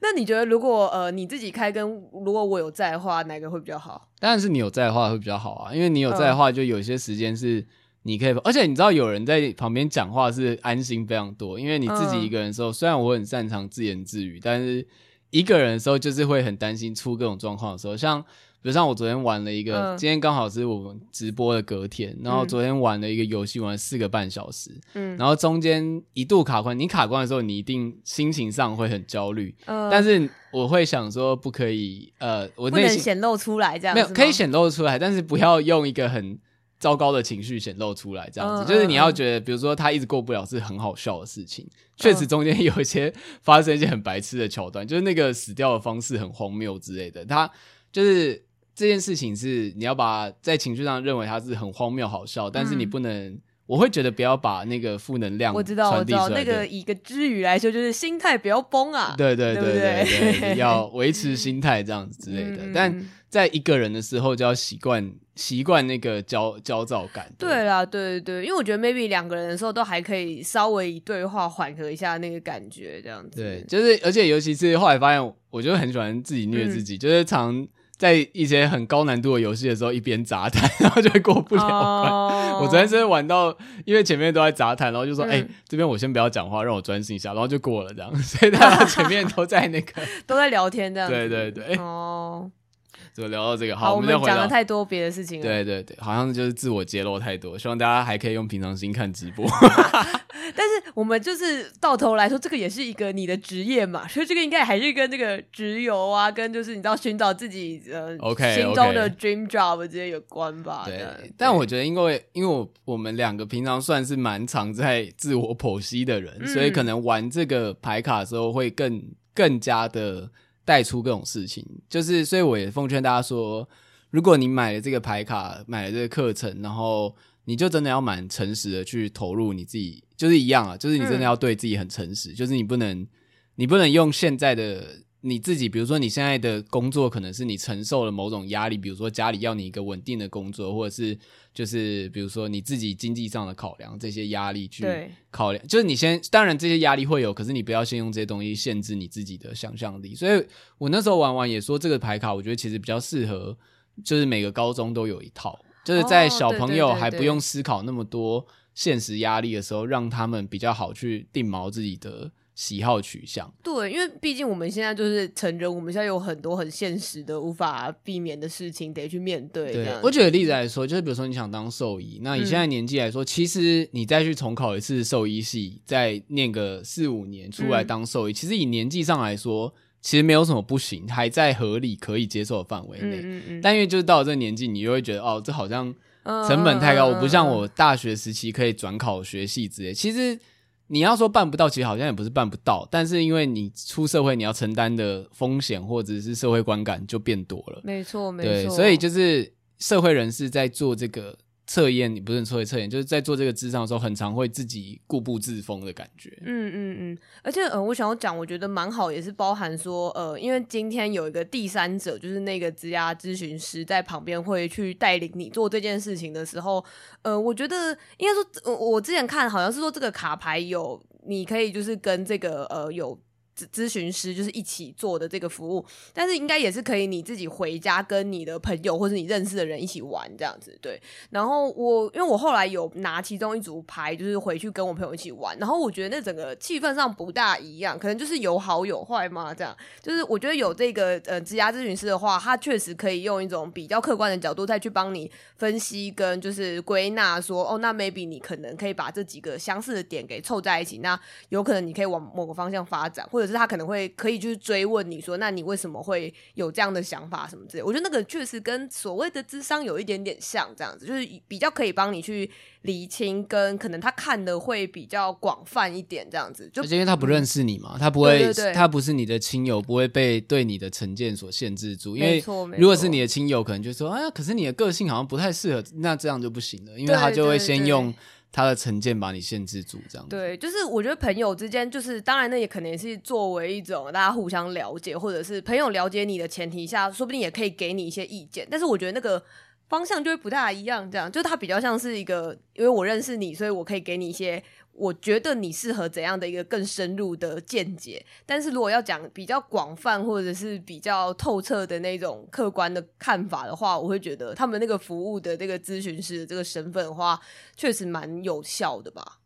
那你覺得，如果呃你自己開跟如果我有在的話，哪個會比較好？當然是你有在的話會比較好啊，因為你有在的話，就有些時間是你可以，嗯，而且你知道有人在旁邊講話是安心非常多。因為你自己一個人的時候，嗯，雖然我很擅長自言自語，但是一個人的時候就是會很擔心出各種狀況的時候，像。比如像我昨天玩了一個，呃、今天剛好是我們直播的隔天，然後昨天玩了一個遊戲、嗯，玩了四個半小時，嗯，然後中間一度卡關，你卡關的時候，你一定心情上會很焦慮，嗯、呃，但是我會想說不可以，呃，我內心不能顯露出來這樣，沒有可以顯露出來，但是不要用一個很糟糕的情緒顯露出來，這樣子、呃，就是你要覺得，比如說他一直過不了是很好笑的事情，確、呃、實中間有一些發生一些很白痴的橋段、呃，就是那個死掉的方式很荒謬之類的，他就是。這件事情是你要把在情緒上認為它是很荒謬好笑，嗯、但是你不能，我會覺得不要把那個負能量傳遞，我知道我知道那個一個之餘來說，就是心態不要崩啊，對對對對對，對對對對 [laughs] 你要維持心態這樣子之類的、嗯。但在一個人的時候就要習慣習慣那個焦焦躁感。對啊，對對，因為我覺得 maybe 兩個人的時候都還可以稍微以對話緩和一下那個感覺這樣子。對，就是而且尤其是後來發現，我就很喜歡自己虐自己，嗯、就是常。在一些很高難度的遊戲的時候一雜，一邊雜談，然後就會過不了關。Oh. 我昨天是玩到，因為前面都在雜談，然後就說：“哎、欸，這邊我先不要講話，讓我專心一下。”然後就過了這樣。所以大家前面都在那個 [laughs] [laughs] 都在聊天這樣，對對對。哦、oh.。就聊到這個，好，好，我們講了太多別的事情了。對對對，好像就是自我揭露太多，希望大家還可以用平常心看直播。 [laughs] [laughs] 但是我們就是到頭來說，這個也是一個你的職業嘛，所以這個應該還是跟這個職游啊，跟就是你知道尋找自己的、呃、心、okay, okay. 中的 dream job 這些有關吧 okay, okay. 對。對，但我覺得因為因為我我們兩個平常算是蠻常在自我剖析的人、嗯，所以可能玩這個牌卡的時候會更更加的。帶出各種事情，就是所以我也奉勸大家說，如果你買了這個牌卡，買了這個課程，然後你就真的要蠻誠實的去投入你自己，就是一樣啊，就是你真的要對自己很誠實，嗯、就是你不能，你不能用現在的。你自己，比如說你現在的工作可能是你承受了某種壓力，比如說家裡要你一個穩定的工作，或者是就是比如說你自己經濟上的考量，這些壓力去考量。就是你先，當然這些壓力會有，可是你不要先用這些東西限制你自己的想象力。所以我那時候玩完也說，這個牌卡我覺得其實比較適合，就是每個高中都有一套，就是在小朋友還不用思考那麼多現實壓力的時候，讓他們比較好去定錨自己的。喜好取向。對，因為畢竟我們現在就是成人，我們現在有很多很現實的、無法避免的事情得去面對。對，我舉個例子來說，就是比如說你想當獸醫，那以現在年紀來說、嗯，其實你再去重考一次獸醫系，再念個四五年出來當獸醫、嗯，其實以年紀上來說，其實沒有什麼不行，還在合理可以接受的範圍內。嗯嗯嗯。但因為就是到了這個年紀，你就會覺得哦，這好像成本太高啊啊啊啊，我不像我大學時期可以轉考學系之類。其實。你要說辦不到，其實好像也不是辦不到，但是因為你出社會，你要承擔的風險或者是社會觀感就變多了。沒錯，沒錯。對，所以就是社會人士在做這個。測驗你不是測一測驗，就是在做這個智商的時候，很常會自己固步自封的感覺。嗯嗯嗯，而且呃，我想要講，我覺得蠻好，也是包含說呃，因為今天有一個第三者，就是那個職涯諮詢師在旁邊會去帶領你做這件事情的時候，呃，我覺得應該說，我、呃、我之前看好像是說這個卡牌有，你可以就是跟這個呃有。諮詢師就是一起做的這個服務，但是應該也是可以你自己回家跟你的朋友或者你認識的人一起玩這樣子對。然後我因為我後來有拿其中一組牌，就是回去跟我朋友一起玩，然後我覺得那整個氣氛上不大一樣，可能就是有好有壞嘛這樣。就是我覺得有這個呃職涯諮詢師的話，他確實可以用一種比較客觀的角度再去幫你分析跟就是歸納說哦，那 maybe 你可能可以把這幾個相似的點給湊在一起，那有可能你可以往某個方向發展，或者是。就是、他可能會可以就是追問你說，那你為什麼會有這樣的想法什麼之類？我覺得那個確實跟所謂的諮商有一點點像，這樣子就是比較可以幫你去釐清，跟可能他看的會比較廣泛一點，這樣子就是因為他不認識你嘛，他不會，嗯、對對對，他不是你的親友，不會被對你的成見所限制住。因為如果是你的親友，可能就說，哎、啊、呀，可是你的個性好像不太適合，那這樣就不行了，因為他就會先用。他的成見把你限制住，這樣子，對，就是我覺得朋友之間，就是當然那也可能也是作為一種大家互相了解，或者是朋友了解你的前提下，說不定也可以給你一些意見，但是我覺得那個方向就會不大一樣，這樣就他比較像是一個，因為我認識你，所以我可以給你一些。我覺得你適合怎樣的一個更深入的見解，但是如果要講比較廣泛或者是比較透徹的那種客觀的看法的話，我會覺得他們那個服務的這個諮詢師的這個身份的話，確實蠻有效的吧。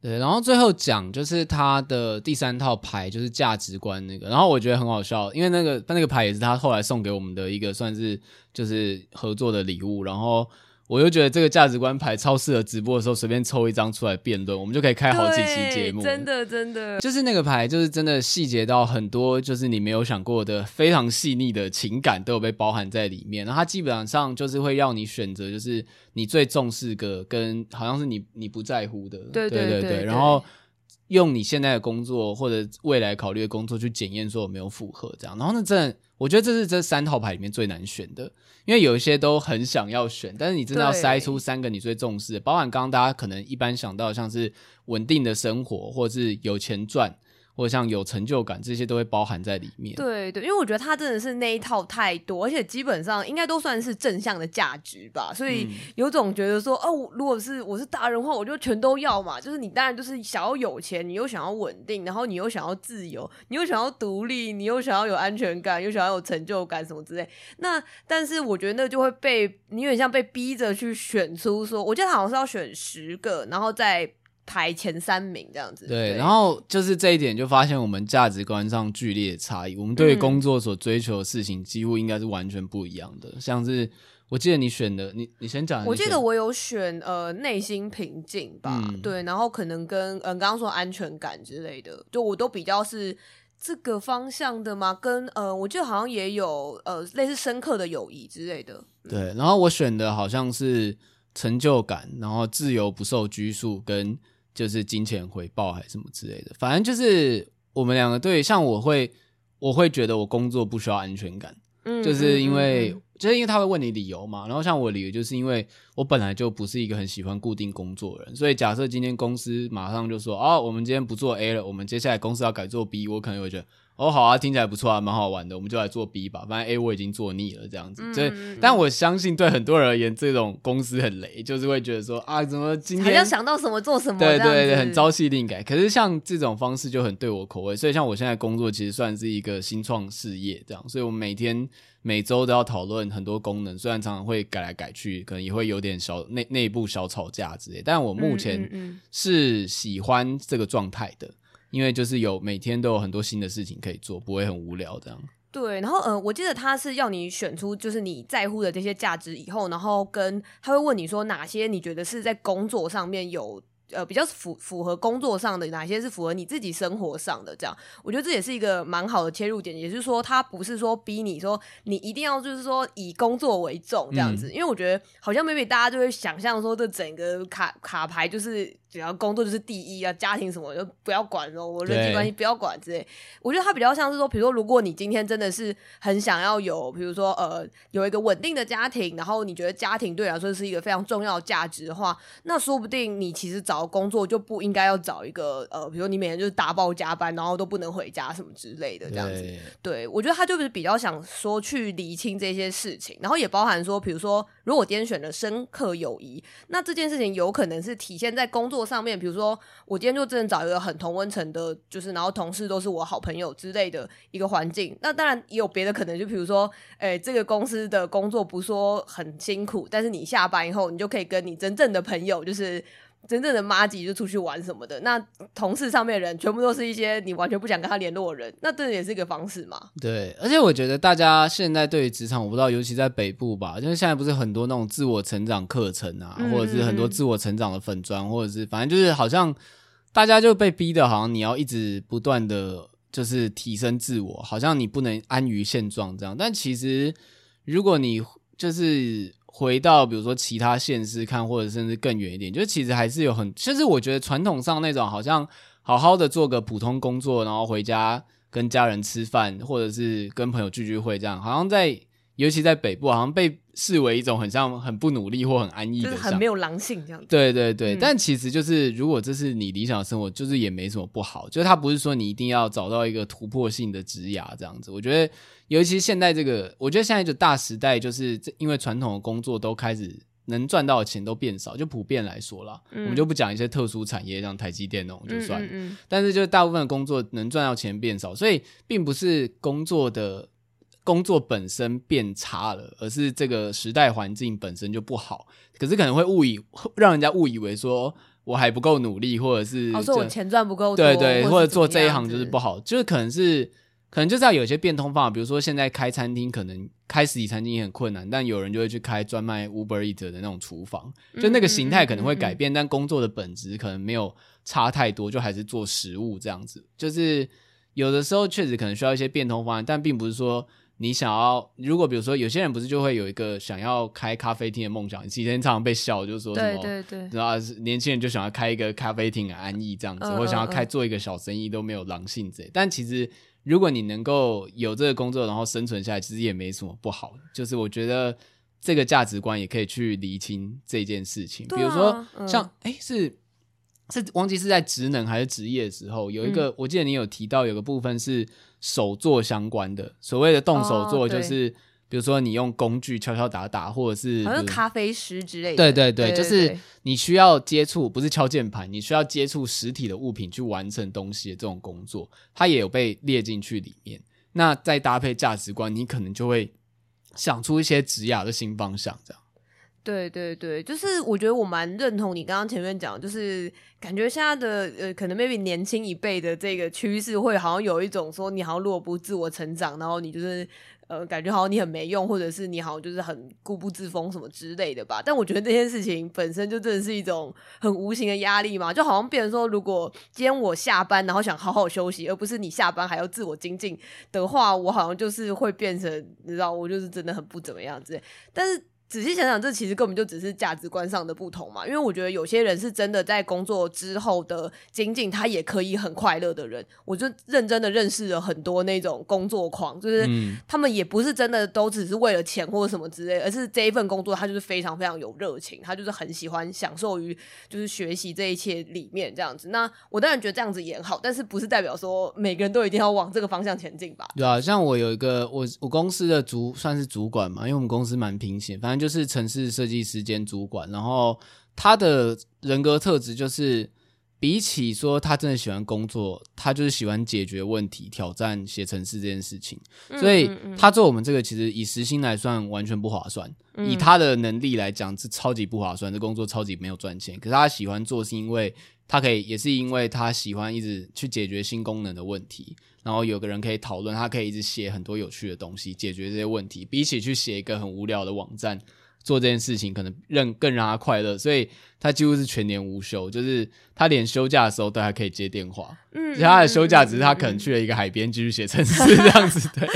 對，然後最後講就是他的第三套牌就是價值觀那個，然後我覺得很好笑，因為那個那個牌也是他後來送給我們的一個算是就是合作的禮物，然後。我就覺得這個價值觀牌超適合直播的時候，隨便抽一張出來辯論，我們就可以開好幾期節目。真的，真的，就是那個牌，就是真的細節到很多，就是你沒有想過的非常細膩的情感都有被包含在裡面。然後它基本上就是會讓你選擇，就是你最重視的跟好像是你你不在乎的。對對對對，對，對，對，然後。用你現在的工作或者未來考慮的工作去檢驗說有沒有符合這樣，然後那這我覺得這是這三套牌裡面最難選的，因為有一些都很想要選，但是你真的要篩出三個你最重視的，包含剛剛大家可能一般想到像是穩定的生活或是有錢賺。或像有成就感，這些都會包含在裡面。對對，因為我覺得他真的是那一套太多，而且基本上應該都算是正向的價值吧。所以有種覺得說，嗯、哦，如果是我是大人的話，我就全都要嘛。就是你當然就是想要有錢，你又想要穩定，然後你又想要自由，你又想要獨立，你又想要有安全感，又想要有成就感什麼之類。那但是我覺得那就會被，你有點像被逼着去選出。說，我覺得好像是要選十個，然後再。排前三名這樣子對，對，然後就是這一點就發現我們價值觀上劇烈的差異。我們對工作所追求的事情幾乎應該是完全不一樣的。嗯、像是我記得你選的，你你先講一下。我記得我有選呃內心平靜吧、嗯，對，然後可能跟呃剛剛說安全感之類的，就我都比較是這個方向的嘛。跟呃我記得好像也有呃類似深刻的友誼之類的、嗯。對，然後我選的好像是成就感，然後自由不受拘束跟。就是金錢回報還是什麼之類的，反正就是我們兩個對。像我會，我會覺得我工作不需要安全感，嗯，就是因為就是因為他會問你理由嘛，然後像我的理由就是因為我本來就不是一個很喜歡固定工作的人，所以假設今天公司馬上就說，哦，我們今天不做 A 了，我們接下來公司要改做 B，我可能會覺得。哦，好啊，聽起來不錯啊，蠻好玩的。我們就來做 B 吧，反正 A、欸、我已經做膩了，這樣子。對、嗯，但我相信對很多人而言、嗯，這種公司很雷，就是會覺得說啊，怎麼今天好像想到什麼做什麼？對對對，很朝令夕改。可是像這種方式就很對我口味，所以像我現在工作其實算是一個新創事業，這樣。所以我們每天每週都要討論很多功能，雖然常常會改來改去，可能也會有點小內內部小吵架之類，但我目前是喜歡這個狀態的。嗯嗯嗯因為就是有每天都有很多新的事情可以做，不會很無聊這樣。對，然後呃，我記得他是要你選出就是你在乎的這些價值以後，然後跟他會問你說哪些你覺得是在工作上面有呃比較符符合工作上的，哪些是符合你自己生活上的這樣。我覺得這也是一個蠻好的切入點，也就是說他不是說逼你說你一定要就是說以工作為重這樣子，嗯。因為我覺得好像每每大家就會想象說這整個卡卡牌就是。只要工作就是第一啊，家庭什麼就不要管嘍，哦，我人際關係不要管之類。我覺得他比較像是說，比如說，如果你今天真的是很想要有，比如說呃，有一個穩定的家庭，然後你覺得家庭對你來說是一個非常重要的價值的話，那說不定你其實找工作就不應該要找一個呃，比如說你每天就是打爆加班，然後都不能回家什麼之類的這樣子。對，對我覺得他就是比較想說去理清這些事情，然後也包含說，比如說，如果今天選了深刻友誼，那這件事情有可能是體現在工作上面，比如說，我今天就真的找一個很同溫層的，就是然後同事都是我好朋友之類的一個環境。那當然也有別的可能，就比如說，哎、欸，這個公司的工作不說很辛苦，但是你下班以後，你就可以跟你真正的朋友，就是。真正的麻吉就出去玩什麼的，那同事上面的人全部都是一些你完全不想跟他聯絡的人，那這也是一個方式嘛？對，而且我覺得大家現在對於職場，我不知道，尤其在北部吧，因為現在不是很多那種自我成長課程啊，嗯嗯嗯，或者是很多自我成長的粉專，或者是反正就是好像大家就被逼的，好像你要一直不斷的，就是提升自我，好像你不能安於現狀這樣。但其實如果你就是。回到比如說其他縣市看，或者甚至更遠一點，就其實還是有很，其實我覺得傳統上那種好像好好的做個普通工作，然後回家跟家人吃飯，或者是跟朋友聚聚會這樣，好像在。尤其在北部，好像被視為一種很像很不努力或很安逸，就是很沒有狼性這樣子。對對對，但其實就是，如果這是你理想的生活，就是也沒什麼不好。就是它不是說你一定要找到一個突破性的職涯這樣子。我覺得，尤其現在這個，我覺得現在就大時代，就是因為傳統的工作都開始能賺到的錢都變少，就普遍來說啦，我們就不講一些特殊產業，像台積電那種就算。但是就大部分的工作能賺到錢變少，所以並不是工作的。工作本身變差了，而是這個時代環境本身就不好。可是可能會誤以讓人家誤以為說我還不夠努力，或者是哦，說我錢賺不夠，對對,對或，或者做這一行就是不好，就是可能是可能就是要有些變通方法。比如說現在開餐廳，可能開實體餐廳也很困難，但有人就會去開專賣 Uber Eats 的那種廚房，就那個形態可能會改變，嗯嗯嗯嗯但工作的本質可能沒有差太多，就還是做食物這樣子。就是有的時候確實可能需要一些變通方案，但並不是說。你想要，如果比如說有些人不是就會有一個想要開咖啡廳的夢想，以前常常被笑，就是說什麼，對對對，知道嗎？年輕人就想要開一個咖啡廳，很安逸這樣子，呃呃呃，或想要開做一個小生意都沒有狼性者。但其實，如果你能夠有這個工作，然後生存下來，其實也沒什麼不好。就是我覺得這個價值觀也可以去釐清這件事情。啊、比如說像，像、呃、誒、欸、是。是忘記是在職能還是職業的時候，有一個、嗯、我記得你有提到有個部分是手作相關的，所謂的動手作就是、哦、比如說你用工具敲敲打打，或者是好像咖啡師之類的對對對，對對對，就是你需要接觸，不是敲鍵盤，你需要接觸實體的物品去完成東西的這種工作，它也有被列進去裡面。那再搭配價值觀，你可能就會想出一些職涯的新方向，這樣。對對對，就是我覺得我蠻認同你剛剛前面講的，就是感覺現在的呃，可能 maybe 年輕一輩的這個趨勢會好像有一種說，你好像如果不自我成長，然後你就是呃，感覺好像你很沒用，或者是你好像就是很固步自封什麼之類的吧。但我覺得這件事情本身就真的是一種很無形的壓力嘛，就好像變成說，如果今天我下班然後想好好休息，而不是你下班還要自我精進的話，我好像就是會變成，你知道，我就是真的很不怎麼樣之類的。但是。仔細想想，這其實根本就只是價值觀上的不同嘛。因為我覺得有些人是真的在工作之後的精進他也可以很快樂的人。我就認真的認識了很多那種工作狂，就是他們也不是真的都只是為了錢或者什麼之類，嗯，而是這一份工作他就是非常非常有熱情，他就是很喜歡享受於就是學習這一切裡面這樣子。那我當然覺得這樣子也好，但是不是代表說每個人都一定要往這個方向前進吧？對啊，像我有一個我我公司的主算是主管嘛，因為我們公司蠻平險，反正。就是城市設計師兼主管，然後他的人格特質就是。比起說他真的喜歡工作，他就是喜歡解決問題、挑戰、寫程式這件事情。所以他做我們這個，其實以時薪來算完全不划算，以他的能力來講是超級不划算，這工作超級沒有賺錢。可是他喜歡做，是因為他可以，也是因為他喜歡一直去解決新功能的問題，然後有個人可以討論，他可以一直寫很多有趣的東西，解決這些問題。比起去寫一個很無聊的網站做這件事情，可能讓更讓他快樂。所以他幾乎是全年無休，就是。他連休假的時候都還可以接電話，嗯、其實他的休假只是他可能去了一個海邊繼續寫程式，嗯嗯、這樣子的。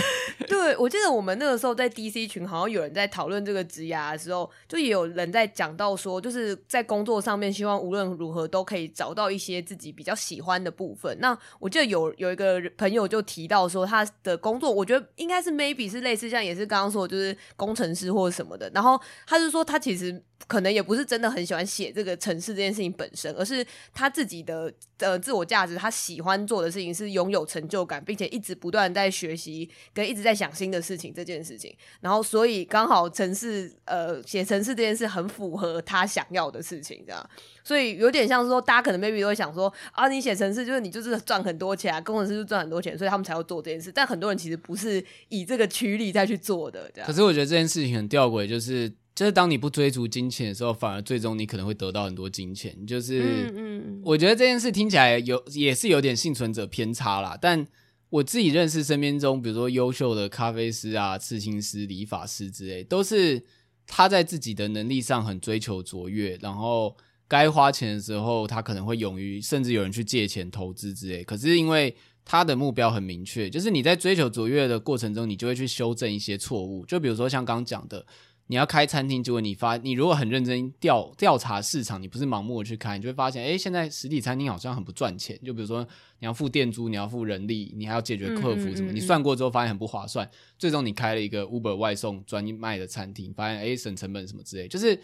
對，我記得我們那個時候在 DC 群好像有人在討論這個職涯的時候，就也有人在講到說，就是在工作上面希望無論如何都可以找到一些自己比較喜歡的部分。那我記得有有一個朋友就提到說，他的工作我覺得應該是 maybe 是類似像也是剛剛說的就是工程師或者什麼的。然後他就說他其實可能也不是真的很喜歡寫這個程式這件事情本身，而是。他自己的呃自我價值，他喜歡做的事情是擁有成就感，並且一直不斷在學習跟一直在想新的事情這件事情。然後所以剛好程式呃寫程式這件事很符合他想要的事情，這樣。所以有點像說，大家可能 maybe 都會想說，啊你寫程式就是你就是賺很多錢、啊，工程師就賺很多錢，所以他們才要做這件事。但很多人其實不是以這個驅力再去做的，這樣。可是我覺得這件事情很吊詭，就是。就是當你不追逐金錢的時候，反而最終你可能會得到很多金錢。就是我覺得這件事聽起來有也是有點幸存者偏差啦。但我自己認識身邊中，比如說優秀的咖啡師啊、刺青師、理髮師之類，都是他在自己的能力上很追求卓越。然後該花錢的時候，他可能會勇於甚至有人去借錢投資之類。可是因為他的目標很明確，就是你在追求卓越的過程中，你就會去修正一些錯誤。就比如說像剛剛講的。你要開餐廳，結果你發，你如果很認真調調查市場，你不是盲目的去開，你就會發現，哎、欸，現在實體餐廳好像很不賺錢。就比如說，你要付店租，你要付人力，你還要解決客服什麼，嗯嗯嗯嗯，你算過之後發現很不划算。最終你開了一個 Uber 外送專賣的餐廳，發現哎、欸，省成本什麼之類。就是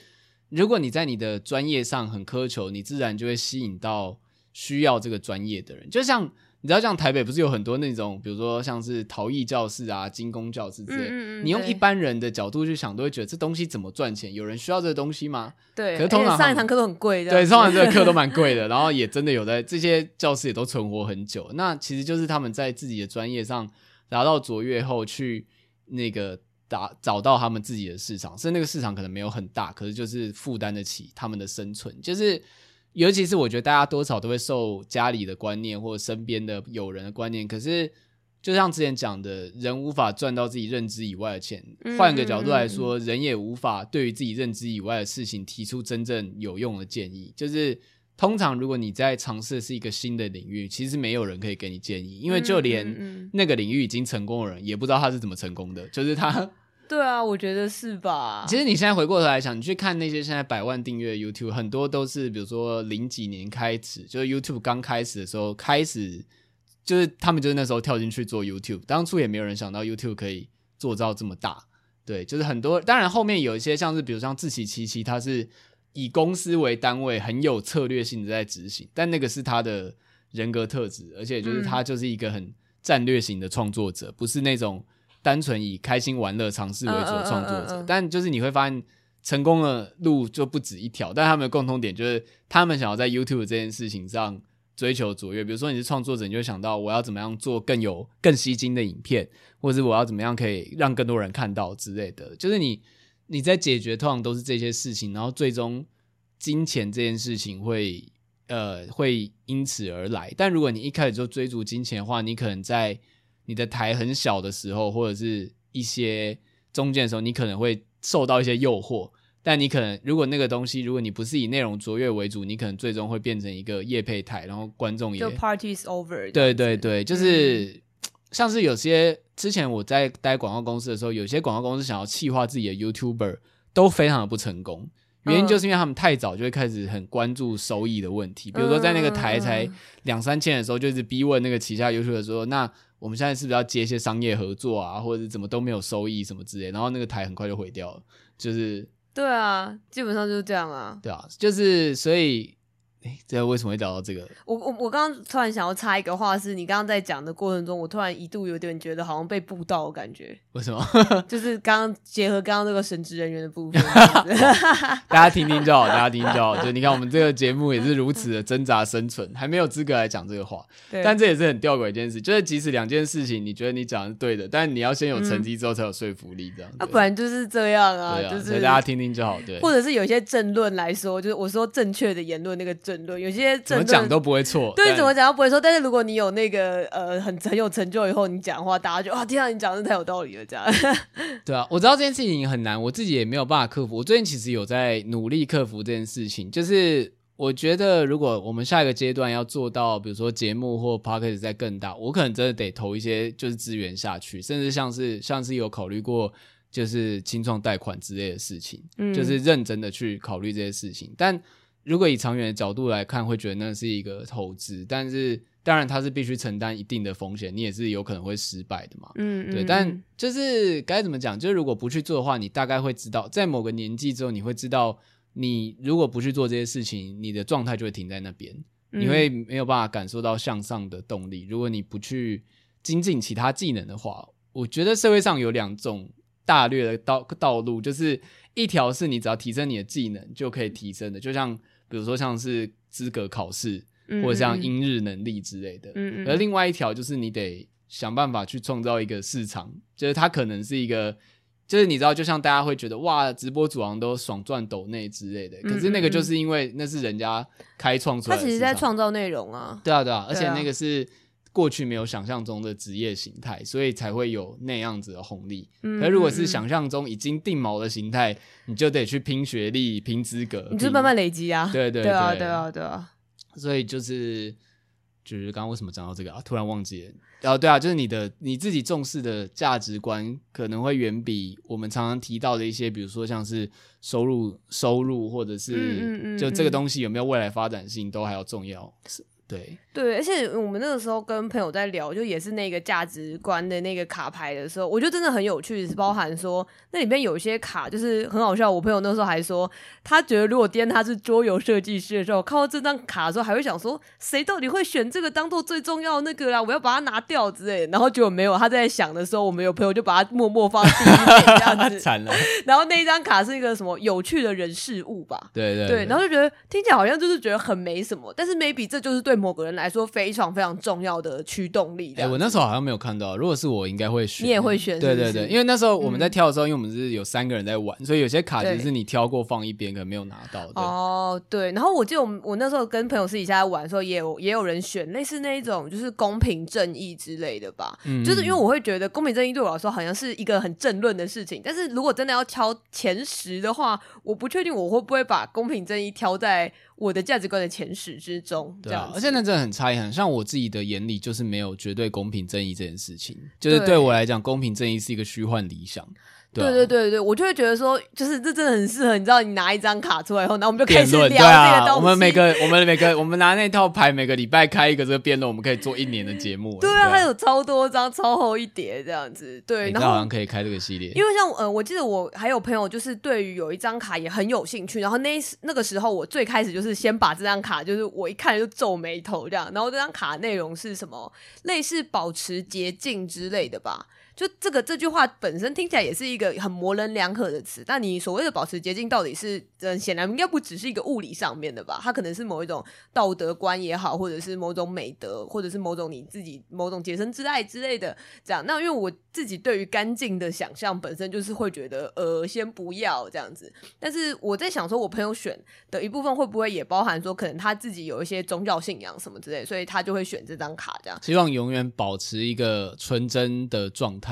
如果你在你的專業上很苛求，你自然就會吸引到需要這個專業的人。就像。你知道，像台北不是有很多那種，比如說像是陶藝教室啊、金工教室之類、嗯。你用一般人的角度去想，都會覺得這東西怎麼賺錢？有人需要這個東西嗎？對，可是通常、欸、上一堂課都很貴的。對，上完這個課都蠻貴的， [laughs] 然後也真的有在這些教室也都存活很久。那其實就是他們在自己的專業上達到卓越後，去那個打找到他們自己的市場，所以那個市場可能沒有很大，可是就是負擔得起他們的生存，就是。尤其是我覺得大家多少都會受家裡的觀念或者身邊的友人的觀念，可是就像之前講的，人無法賺到自己認知以外的錢。換個角度來說，嗯嗯嗯，人也無法對於自己認知以外的事情提出真正有用的建議。就是通常如果你在嘗試是一個新的領域，其實沒有人可以給你建議，因為就連那個領域已經成功的人也不知道他是怎麼成功的，就是他。 [laughs] 對啊，我覺得是吧？其實你現在回過頭來想，你去看那些現在百萬訂閱的 YouTube，很多都是比如說零幾年開始，就是 YouTube 剛開始的時候，開始就是他們就是那時候跳進去做 YouTube，當初也沒有人想到 YouTube 可以做到這麼大。對，就是很多，當然後面有一些像是比如像志祺七七他是以公司為單位，很有策略性的在執行，但那個是他的人格特質，而且就是他就是一個很戰略型的創作者，嗯、不是那種。單純以開心玩樂、嘗試為主的創作者，uh, uh, uh, uh, uh. 但就是你會發現成功的路就不止一條。但他們的共通點就是，他們想要在 YouTube 這件事情上追求卓越。比如說你是創作者，你就會想到我要怎麼樣做更有、更吸睛的影片，或者是我要怎麼樣可以讓更多人看到之類的。就是你你在解決，通常都是這些事情，然後最終金錢這件事情會呃會因此而來。但如果你一開始就追逐金錢的話，你可能在你的台很小的時候，或者是一些中間的時候，你可能會受到一些誘惑，但你可能如果那個東西，如果你不是以內容卓越為主，你可能最終會變成一個業配台，然後觀眾也。Party is over。對對對，就是、嗯、像是有些之前我在待廣告公司的時候，有些廣告公司想要企劃自己的 YouTuber，都非常的不成功，原因就是因為他們太早就會開始很關注收益的問題、嗯，比如說在那個台才兩三千的時候，就是逼問那個旗下 YouTuber 說那。我們現在是不是要接一些商業合作啊，或者是怎麼都沒有收益什麼之類，然後那個台很快就毀掉了，就是對啊，基本上就是這樣啊，對啊，就是所以。哎、欸，這為什麼會聊到這個？我我我剛剛突然想要插一個話，是你剛剛在講的過程中，我突然一度有點覺得好像被布道的感覺。為什麼？ [laughs] 就是剛剛結合剛剛這個神職人員的部分， [laughs] 對 [laughs] 大家聽聽就好，大家聽聽就好。 [laughs] 就你看，我們這個節目也是如此的掙扎生存，還沒有資格來講這個話。對。但這也是很吊詭一件事，就是即使兩件事情，你覺得你講的是對的，但你要先有成績之後才有說服力，這樣。嗯、啊，本來就是這樣啊，對啊，就是所以大家聽聽就好。對。或者是有一些正論來說，就是我說正確的言論那個。有些怎麼講都不會錯，對，對怎麼講都不會錯。但是如果你有那個呃很很有成就以後，你講的話大家就哇天啊，聽到你講的太有道理了這樣。 [laughs] 對啊，我知道這件事情很難，我自己也沒有辦法克服。我最近其實有在努力克服這件事情，就是我覺得如果我們下一個階段要做到，比如說節目或 Podcast 再更大，我可能真的得投一些就是資源下去，甚至像是像是有考慮過就是青創貸款之類的事情，嗯，就是認真的去考慮這些事情，但。如果以長遠的角度來看，會覺得那是一個投資，但是當然它是必須承擔一定的風險，你也是有可能會失敗的嘛。嗯，對。但就是該怎麼講，就是如果不去做的話，你大概會知道，在某個年紀之後，你會知道，你如果不去做這些事情，你的狀態就會停在那邊，你會沒有辦法感受到向上的動力。如果你不去精進其他技能的話，我覺得社會上有兩種大略的道道路，就是一條是你只要提升你的技能就可以提升的，就像。比如說像是資格考試、嗯嗯，或者像英日能力之類的。嗯，嗯，而另外一條就是你得想辦法去創造一個市場，就是它可能是一個，就是你知道，就像大家會覺得哇，直播主啊都爽賺抖內之類的。可是那個就是因為那是人家開創出來的，他其實在創造內容啊。對啊，對啊，而且那個是。過去沒有想象中的職業形態，所以才會有那樣子的紅利。那、嗯嗯嗯、如果是想象中已經定錨的形態，你就得去拼學歷、拼資格拼。你就是慢慢累積啊。對對對啊對，對啊對啊，對啊。所以就是就是剛剛為什麼講到這個啊？突然忘記了啊！對啊，就是你的你自己重視的價值觀，可能會遠比我們常常提到的一些，比如說像是收入、收入或者是就這個東西有沒有未來發展性都還要重要。是、嗯嗯嗯嗯、對。對，而且我們那個時候跟朋友在聊，就也是那個價值觀的那個卡牌的時候，我覺得真的很有趣，是包含說那裡面有一些卡，就是很好笑。我朋友那時候還說，他覺得如果今天他是桌遊設計師的時候，看到這張卡的時候，還會想說，誰到底會選這個當做最重要的那個啦？我要把它拿掉之類的。然後結果沒有，他在想的時候，我們有朋友就把它默默放第一， [laughs] 這樣子 [laughs] 慘了然後那一張卡是一個什麼有趣的人事物吧？對對對,對,對，然後就覺得聽起來好像就是覺得很沒什麼，但是 maybe 這就是對某個人來。來說非常非常重要的驅動力。哎、欸，我那時候好像沒有看到。如果是我，應該會選。你也會選是不是？對對對，因為那時候我們在挑的時候、嗯，因為我們是有三個人在玩，所以有些卡其實你挑過放一邊，可能沒有拿到。哦，對。然後我記得我我那時候跟朋友私底下玩的時候也，也也有人選類似那一種，就是公平正義之類的吧、嗯。就是因為我會覺得公平正義對我來說好像是一個很正論的事情，但是如果真的要挑前十的話，我不確定我會不會把公平正義挑在。我的價值觀的前始之中，對啊，對，啊，而且那真的很差異，很像我自己的眼裡就是沒有絕對公平正義這件事情，就是對我來講，公平正義是一個虛幻理想。對，啊、對對對對，我就會覺得說，就是這真的很適合，你知道，你拿一張卡出來以後，然後我們就開始聊。對、啊、我們每個 [laughs] 我們每個，我們，每個我們拿那套牌，每個禮拜開一個這個辯論，我們可以做一年的節目。對啊，它、啊、有超多張，超厚一疊這樣子。對，欸、然後好像可以開這個系列。因為像呃我記得我還有朋友就是對於有一張卡也很有興趣，然後那那個時候我最開始就是先把這張卡，就是我一看就皺眉頭這樣，然後這張卡內容是什麼？類似保持潔淨之類的吧。就這個這句話本身聽起來也是一個很模稜兩可的詞，但你所謂的保持潔淨，到底是嗯，呃、顯然應該不只是一個物理上面的吧？它可能是某一種道德觀也好，或者是某種美德，或者是某種你自己某種潔身自愛之類的這樣。那因為我自己對於乾淨的想象本身就是會覺得，呃，先不要這樣子。但是我在想，說我朋友選的一部分會不會也包含說，可能他自己有一些宗教信仰什麼之類，所以他就會選這張卡，這樣希望永遠保持一個純真的狀態。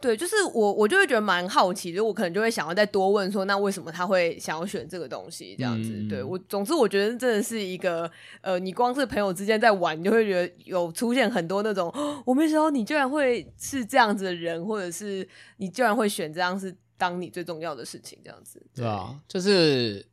對，就是我，我就會覺得蠻好奇，就我可能就會想要再多問說，那為什麼他會想要選這個東西？這樣子，嗯、對我，總之我覺得真的是一個，呃，你光是朋友之間在玩，你就會覺得有出現很多那種，哦、我沒想到你居然會是這樣子的人，或者是你居然會選這樣是當你最重要的事情，這樣子，對，對啊，就是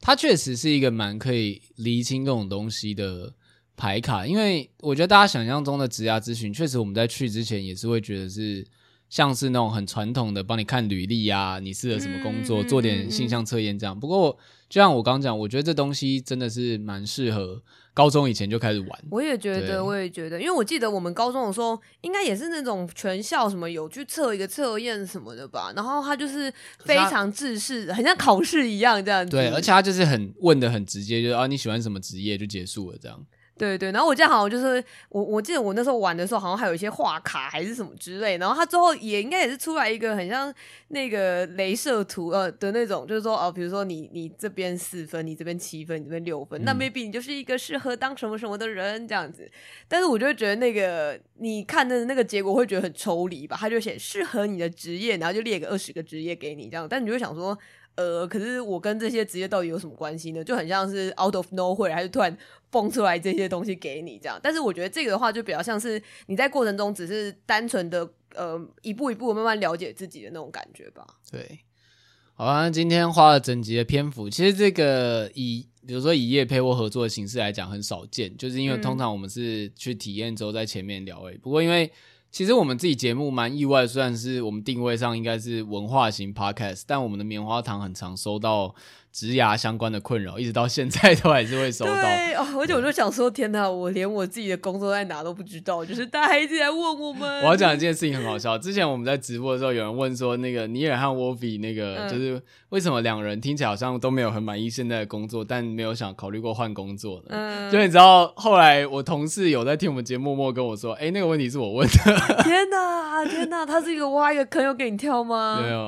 他確實是一個蠻可以理清這種東西的排卡，因為我覺得大家想象中的職業諮詢，確實我們在去之前也是會覺得是像是那種很傳統的幫你看履歷啊，你適合什麼工作，嗯、做點性向測驗這樣。嗯嗯、不過就像我剛講，我覺得這東西真的是蠻適合高中以前就開始玩。我也覺得，我也覺得，因為我記得我們高中的時候，應該也是那種全校什麼有去測一個測驗什麼的吧。然後他就是非常正式，很像考試一樣這樣子。對，而且他就是很問的很直接，就是啊你喜歡什麼職業就結束了這樣。對對，然後我記得好像就是我，我記得我那時候玩的時候，好像還有一些畫卡還是什麼之類。然後他最後也應該也是出來一個很像那個雷射圖呃的那種，就是說哦，比如說你你這邊四分，你這邊七分，你這邊六分，那、嗯、maybe 你就是一個適合當什麼什麼的人這樣子。但是我就覺得那個你看的那個結果會覺得很抽離吧，他就寫適合你的職業，然後就列個二十個職業給你這樣，但你就會想說。呃，可是我跟這些職業到底有什麼關係呢？就很像是 out of nowhere，還是突然蹦出來這些東西給你這樣。但是我覺得這個的話，就比較像是你在過程中只是單純的呃一步一步慢慢了解自己的那種感覺吧。對，好、啊，那今天花了整集的篇幅，其實這個以比如說以業配我合作的形式來講很少見，就是因為通常我們是去體驗之後在前面聊誒、嗯。不過因為其實我們自己節目蠻意外，雖然是我們定位上應該是文化型 podcast，但我們的棉花糖很常收到職涯相關的困擾，一直到現在都還是會收到。對、哦、而且我就想說、嗯，天哪，我連我自己的工作在哪都不知道，就是大家一直在問我們。我要講一件事情很好笑。 [laughs] 之前我們在直播的時候，有人問說，那個尼爾和 Woffy，那個、嗯、就是為什麼兩人聽起來好像都沒有很滿意現在的工作，但沒有想考慮過換工作呢？嗯，就你知道，後來我同事有在聽我們節目，默默跟我說：“哎、欸，那個問題是我問的。 [laughs] ”天哪，天哪，他是一個挖一個坑要給你跳嗎？沒有，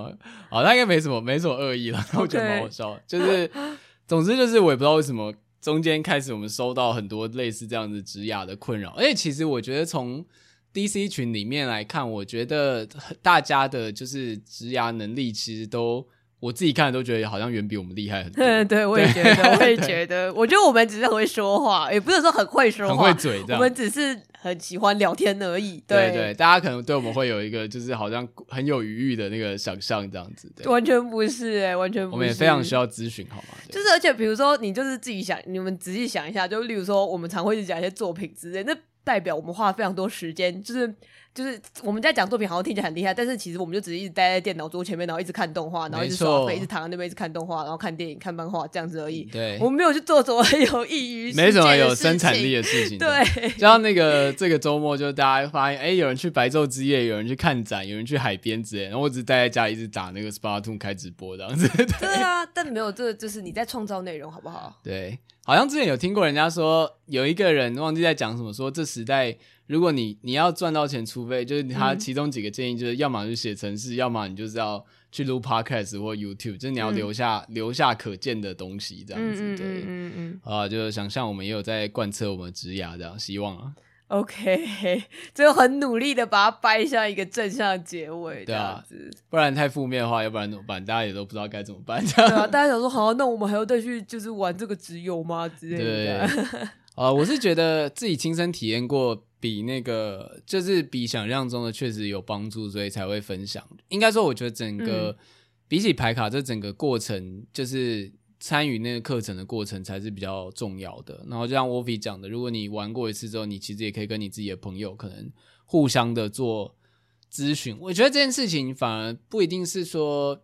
哦，那應該沒什麼沒什麼惡意了，okay. 我覺得蠻好笑的。就是，總之就是，我也不知道為什麼，中間開始我們收到很多類似這樣子職涯的困擾。而且其實我覺得，從 DC 群裡面來看，我覺得大家的就是職涯能力其實都，我自己看都覺得好像遠比我們厲害很多呵呵，對。對，我也覺得，我也覺得， [laughs] 我覺得我們只是很會說話，也不是說很會說話，很會嘴，我們只是。很喜歡聊天而已，對對，對對，大家可能對我們會有一個就是好像很有餘裕的那個想象這樣子對，完全不是哎、欸，完全不是。我們也非常需要諮詢好嗎？就是而且比如說你就是自己想，你們仔細想一下，就例如說我們常會去講一,一些作品之類，那代表我們花了非常多時間，就是。就是我們在講作品，好像聽起來很厲害，但是其實我們就只是一直待在電腦桌前面，然後一直看動畫，然後一直說，一直躺在那邊一直看動畫，然後看電影、看漫畫這樣子而已、嗯。對，我們沒有去做什麼有意義，沒什麼有生產力的事情。對，然後那個這個周末就大家發現，哎，有人去白晝之夜，有人去看展，有人去海邊之類的，然後我只待在家，一直打那個 Splatoon 開直播這樣子對。對啊，但沒有，這就是你在創造內容，好不好？對，好像之前有聽過人家說，有一個人忘記在講什麼，說這時代。如果你你要賺到錢，除非就是他其中幾個建議，就是要麼就寫程式，嗯、要麼你就是要去錄 podcast 或 YouTube，就是你要留下、嗯、留下可見的東西，這樣子，對，嗯嗯，嗯，嗯，啊，就是想象我們也有在貫徹我們職業這樣，希望啊。OK，就很努力的把它掰向一個正向的結尾這樣子，對啊，不然太負面的話，要不然怎麼辦？大家也都不知道該怎麼辦這樣，對啊，大家想說好、啊，那我們還要再去就是玩這個職遊嗎？之類的，對 [laughs] 啊，我是覺得自己親身體驗過。比那個就是比想象中的確實有幫助，所以才會分享。應該說，我覺得整個、嗯、比起牌卡這整個過程，就是參與那個課程的過程才是比較重要的。然後，就像 Woffy 講的，如果你玩過一次之後，你其實也可以跟你自己的朋友可能互相的做諮詢。我覺得這件事情反而不一定是說，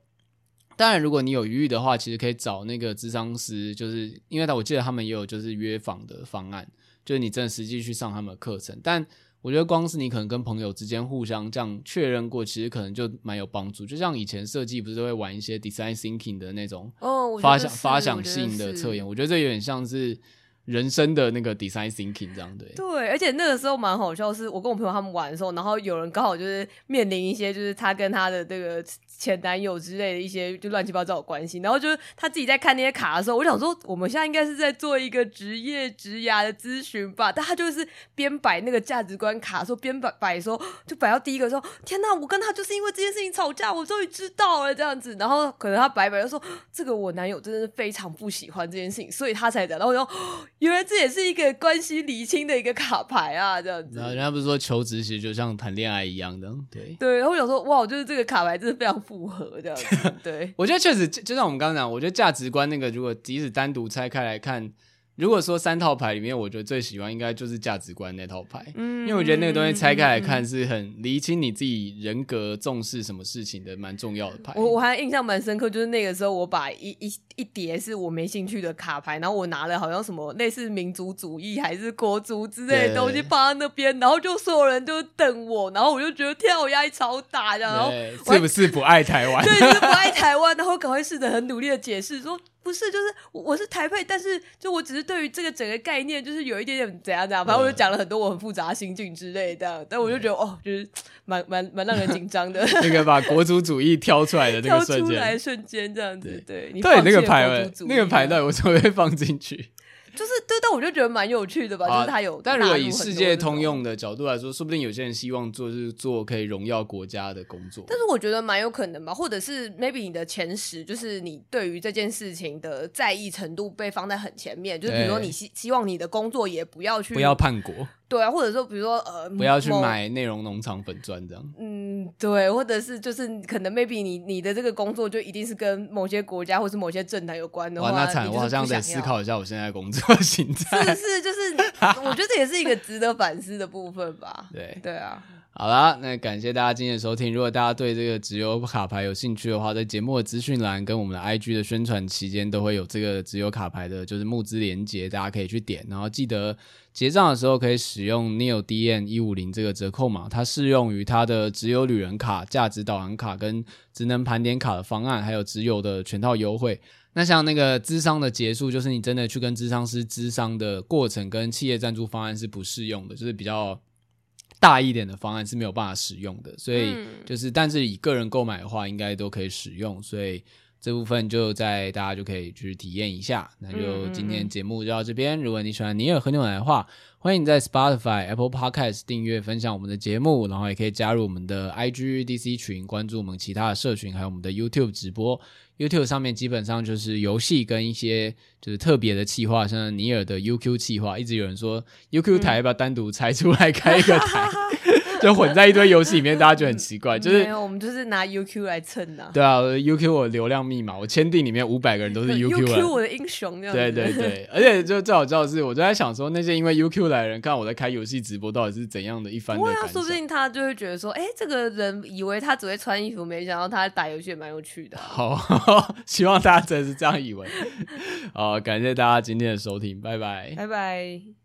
當然，如果你有餘裕的話，其實可以找那個諮商師，就是因為他我記得他們也有就是約訪的方案。就是你真的實際去上他們的課程，但我覺得光是你可能跟朋友之間互相這樣確認過，其實可能就蠻有幫助。就像以前設計不是都會玩一些 design thinking 的那種發想、哦、發想性的測驗，我覺得這有點像是。人生的那個 design thinking 這樣的。對，而且那個時候蠻好笑的，是，我跟我朋友他們玩的時候，然後有人剛好就是面臨一些，就是他跟他的這個前男友之類的一些就亂七八糟的關係，然後就是他自己在看那些卡的時候，我想說，我們現在應該是在做一個職業職涯的諮詢吧，但他就是邊擺那個價值觀卡說，邊擺擺說，就擺到第一個說，天哪，我跟他就是因為這件事情吵架，我終於知道了這樣子，然後可能他擺擺就說，這個我男友真的是非常不喜歡這件事情，所以他才這樣，然後我就說。原來這也是一個關係釐清的一個卡牌啊，這樣子。然後人家不是說求職其實就像談戀愛一樣的，對。對，然後想說哇，我就是這個卡牌，真的非常符合這樣子。對 [laughs] 我我剛剛，我覺得確實就像我們剛剛講，我覺得價值觀那個，如果即使單獨拆開來看。如果說三套牌裡面，我覺得最喜歡應該就是價值觀那套牌，嗯，因為我覺得那個東西拆開來看是很釐清你自己人格重視什麼事情的，蠻重要的牌。我我還印象蠻深刻，就是那個時候我把一一一疊是我沒興趣的卡牌，然後我拿了好像什麼類似民族主義還是國族之類的東西放在那邊，對對對對然後就所有人就瞪我，然後我就覺得天，我壓力超大然後是不是不愛台灣？ [laughs] 對，是不愛台灣，然後趕快試着很努力的解釋說。不是，就是我，我是台配，但是就我只是對於這個整個概念，就是有一點點怎樣怎樣，反正我就講了很多我很複雜心境之類的，但我就覺得 [laughs] 哦，就是蠻蠻蠻讓人緊張的， [laughs] 那個把國族主，主義挑出來的那個瞬間，挑出來瞬間這樣子，對，對你那個牌位，那個牌位我準備放進去。就是對，但我就覺得蠻有趣的吧。啊、就是他有，但如果以世界通用的角度來說，說不定有些人希望做是做可以榮耀國家的工作。但是我覺得蠻有可能吧，或者是 maybe 你的前十就是你對於這件事情的在意程度被放在很前面，就是比如說你希希望你的工作也不要去不要叛國。對啊，或者說，比如說，呃，不要去買內容農場粉鑽這樣。嗯，對，或者是就是可能 maybe 你你的這個工作就一定是跟某些國家或是某些政黨有關的話。哇，那慘！我好像得思考一下我現在工作的形態。是是就是， [laughs] 我覺得這也是一個值得反思的部分吧。 [laughs] 對對啊，好啦，那感謝大家今天的收聽。如果大家對這個職涯卡牌有興趣的話，在節目的資訊欄跟我們的 IG 的宣傳期間都會有這個職涯卡牌的，就是募資連結，大家可以去點，然後記得。結賬的時候可以使用 neildm150，這個折扣碼。它適用於它的只有旅人卡、價值導航卡跟職能盤點卡的方案，還有只有的全套優惠。那像那個諮商的結束，就是你真的去跟諮商師諮商的過程，跟企業贊助方案是不適用的，就是比較大一點的方案是沒有辦法使用的。所以就是，但是以個人購買的話，應該都可以使用。所以這部分就在大家就可以去體驗一下，那就今天節目就到這邊。如果你喜歡尼爾喝牛奶的話，歡迎你在 Spotify、Apple Podcast 訂閱分享我們的節目，然後也可以加入我們的 IGDC 群，關注我們其他的社群，還有我們的 YouTube 直播。YouTube 上面基本上就是遊戲跟一些就是特別的企劃，像尼爾的 UQ 企劃，一直有人說 UQ 台要不要單獨拆出來開一個台，嗯。 [laughs] [laughs] 就混在一堆遊戲裡面， [laughs] 大家覺得很奇怪，就是沒有我們就是拿 U Q 來蹭的、啊。對啊，U Q 我的流量密碼，我簽定裡面五百個人都是 U Q。 [laughs] U Q 我的英雄。對對對 [laughs] ，而且就最好笑的是，我就在想說，那些因為 U Q 來的人看我在開遊戲直播，到底是怎樣的一番的？對啊，說不定他就會覺得說，哎、欸，這個人以為他只會穿衣服，沒想到他打遊戲也蠻有趣的。好， [laughs] 希望大家真的是這樣以為。 [laughs] 好，感謝大家今天的收聽，拜拜，拜拜。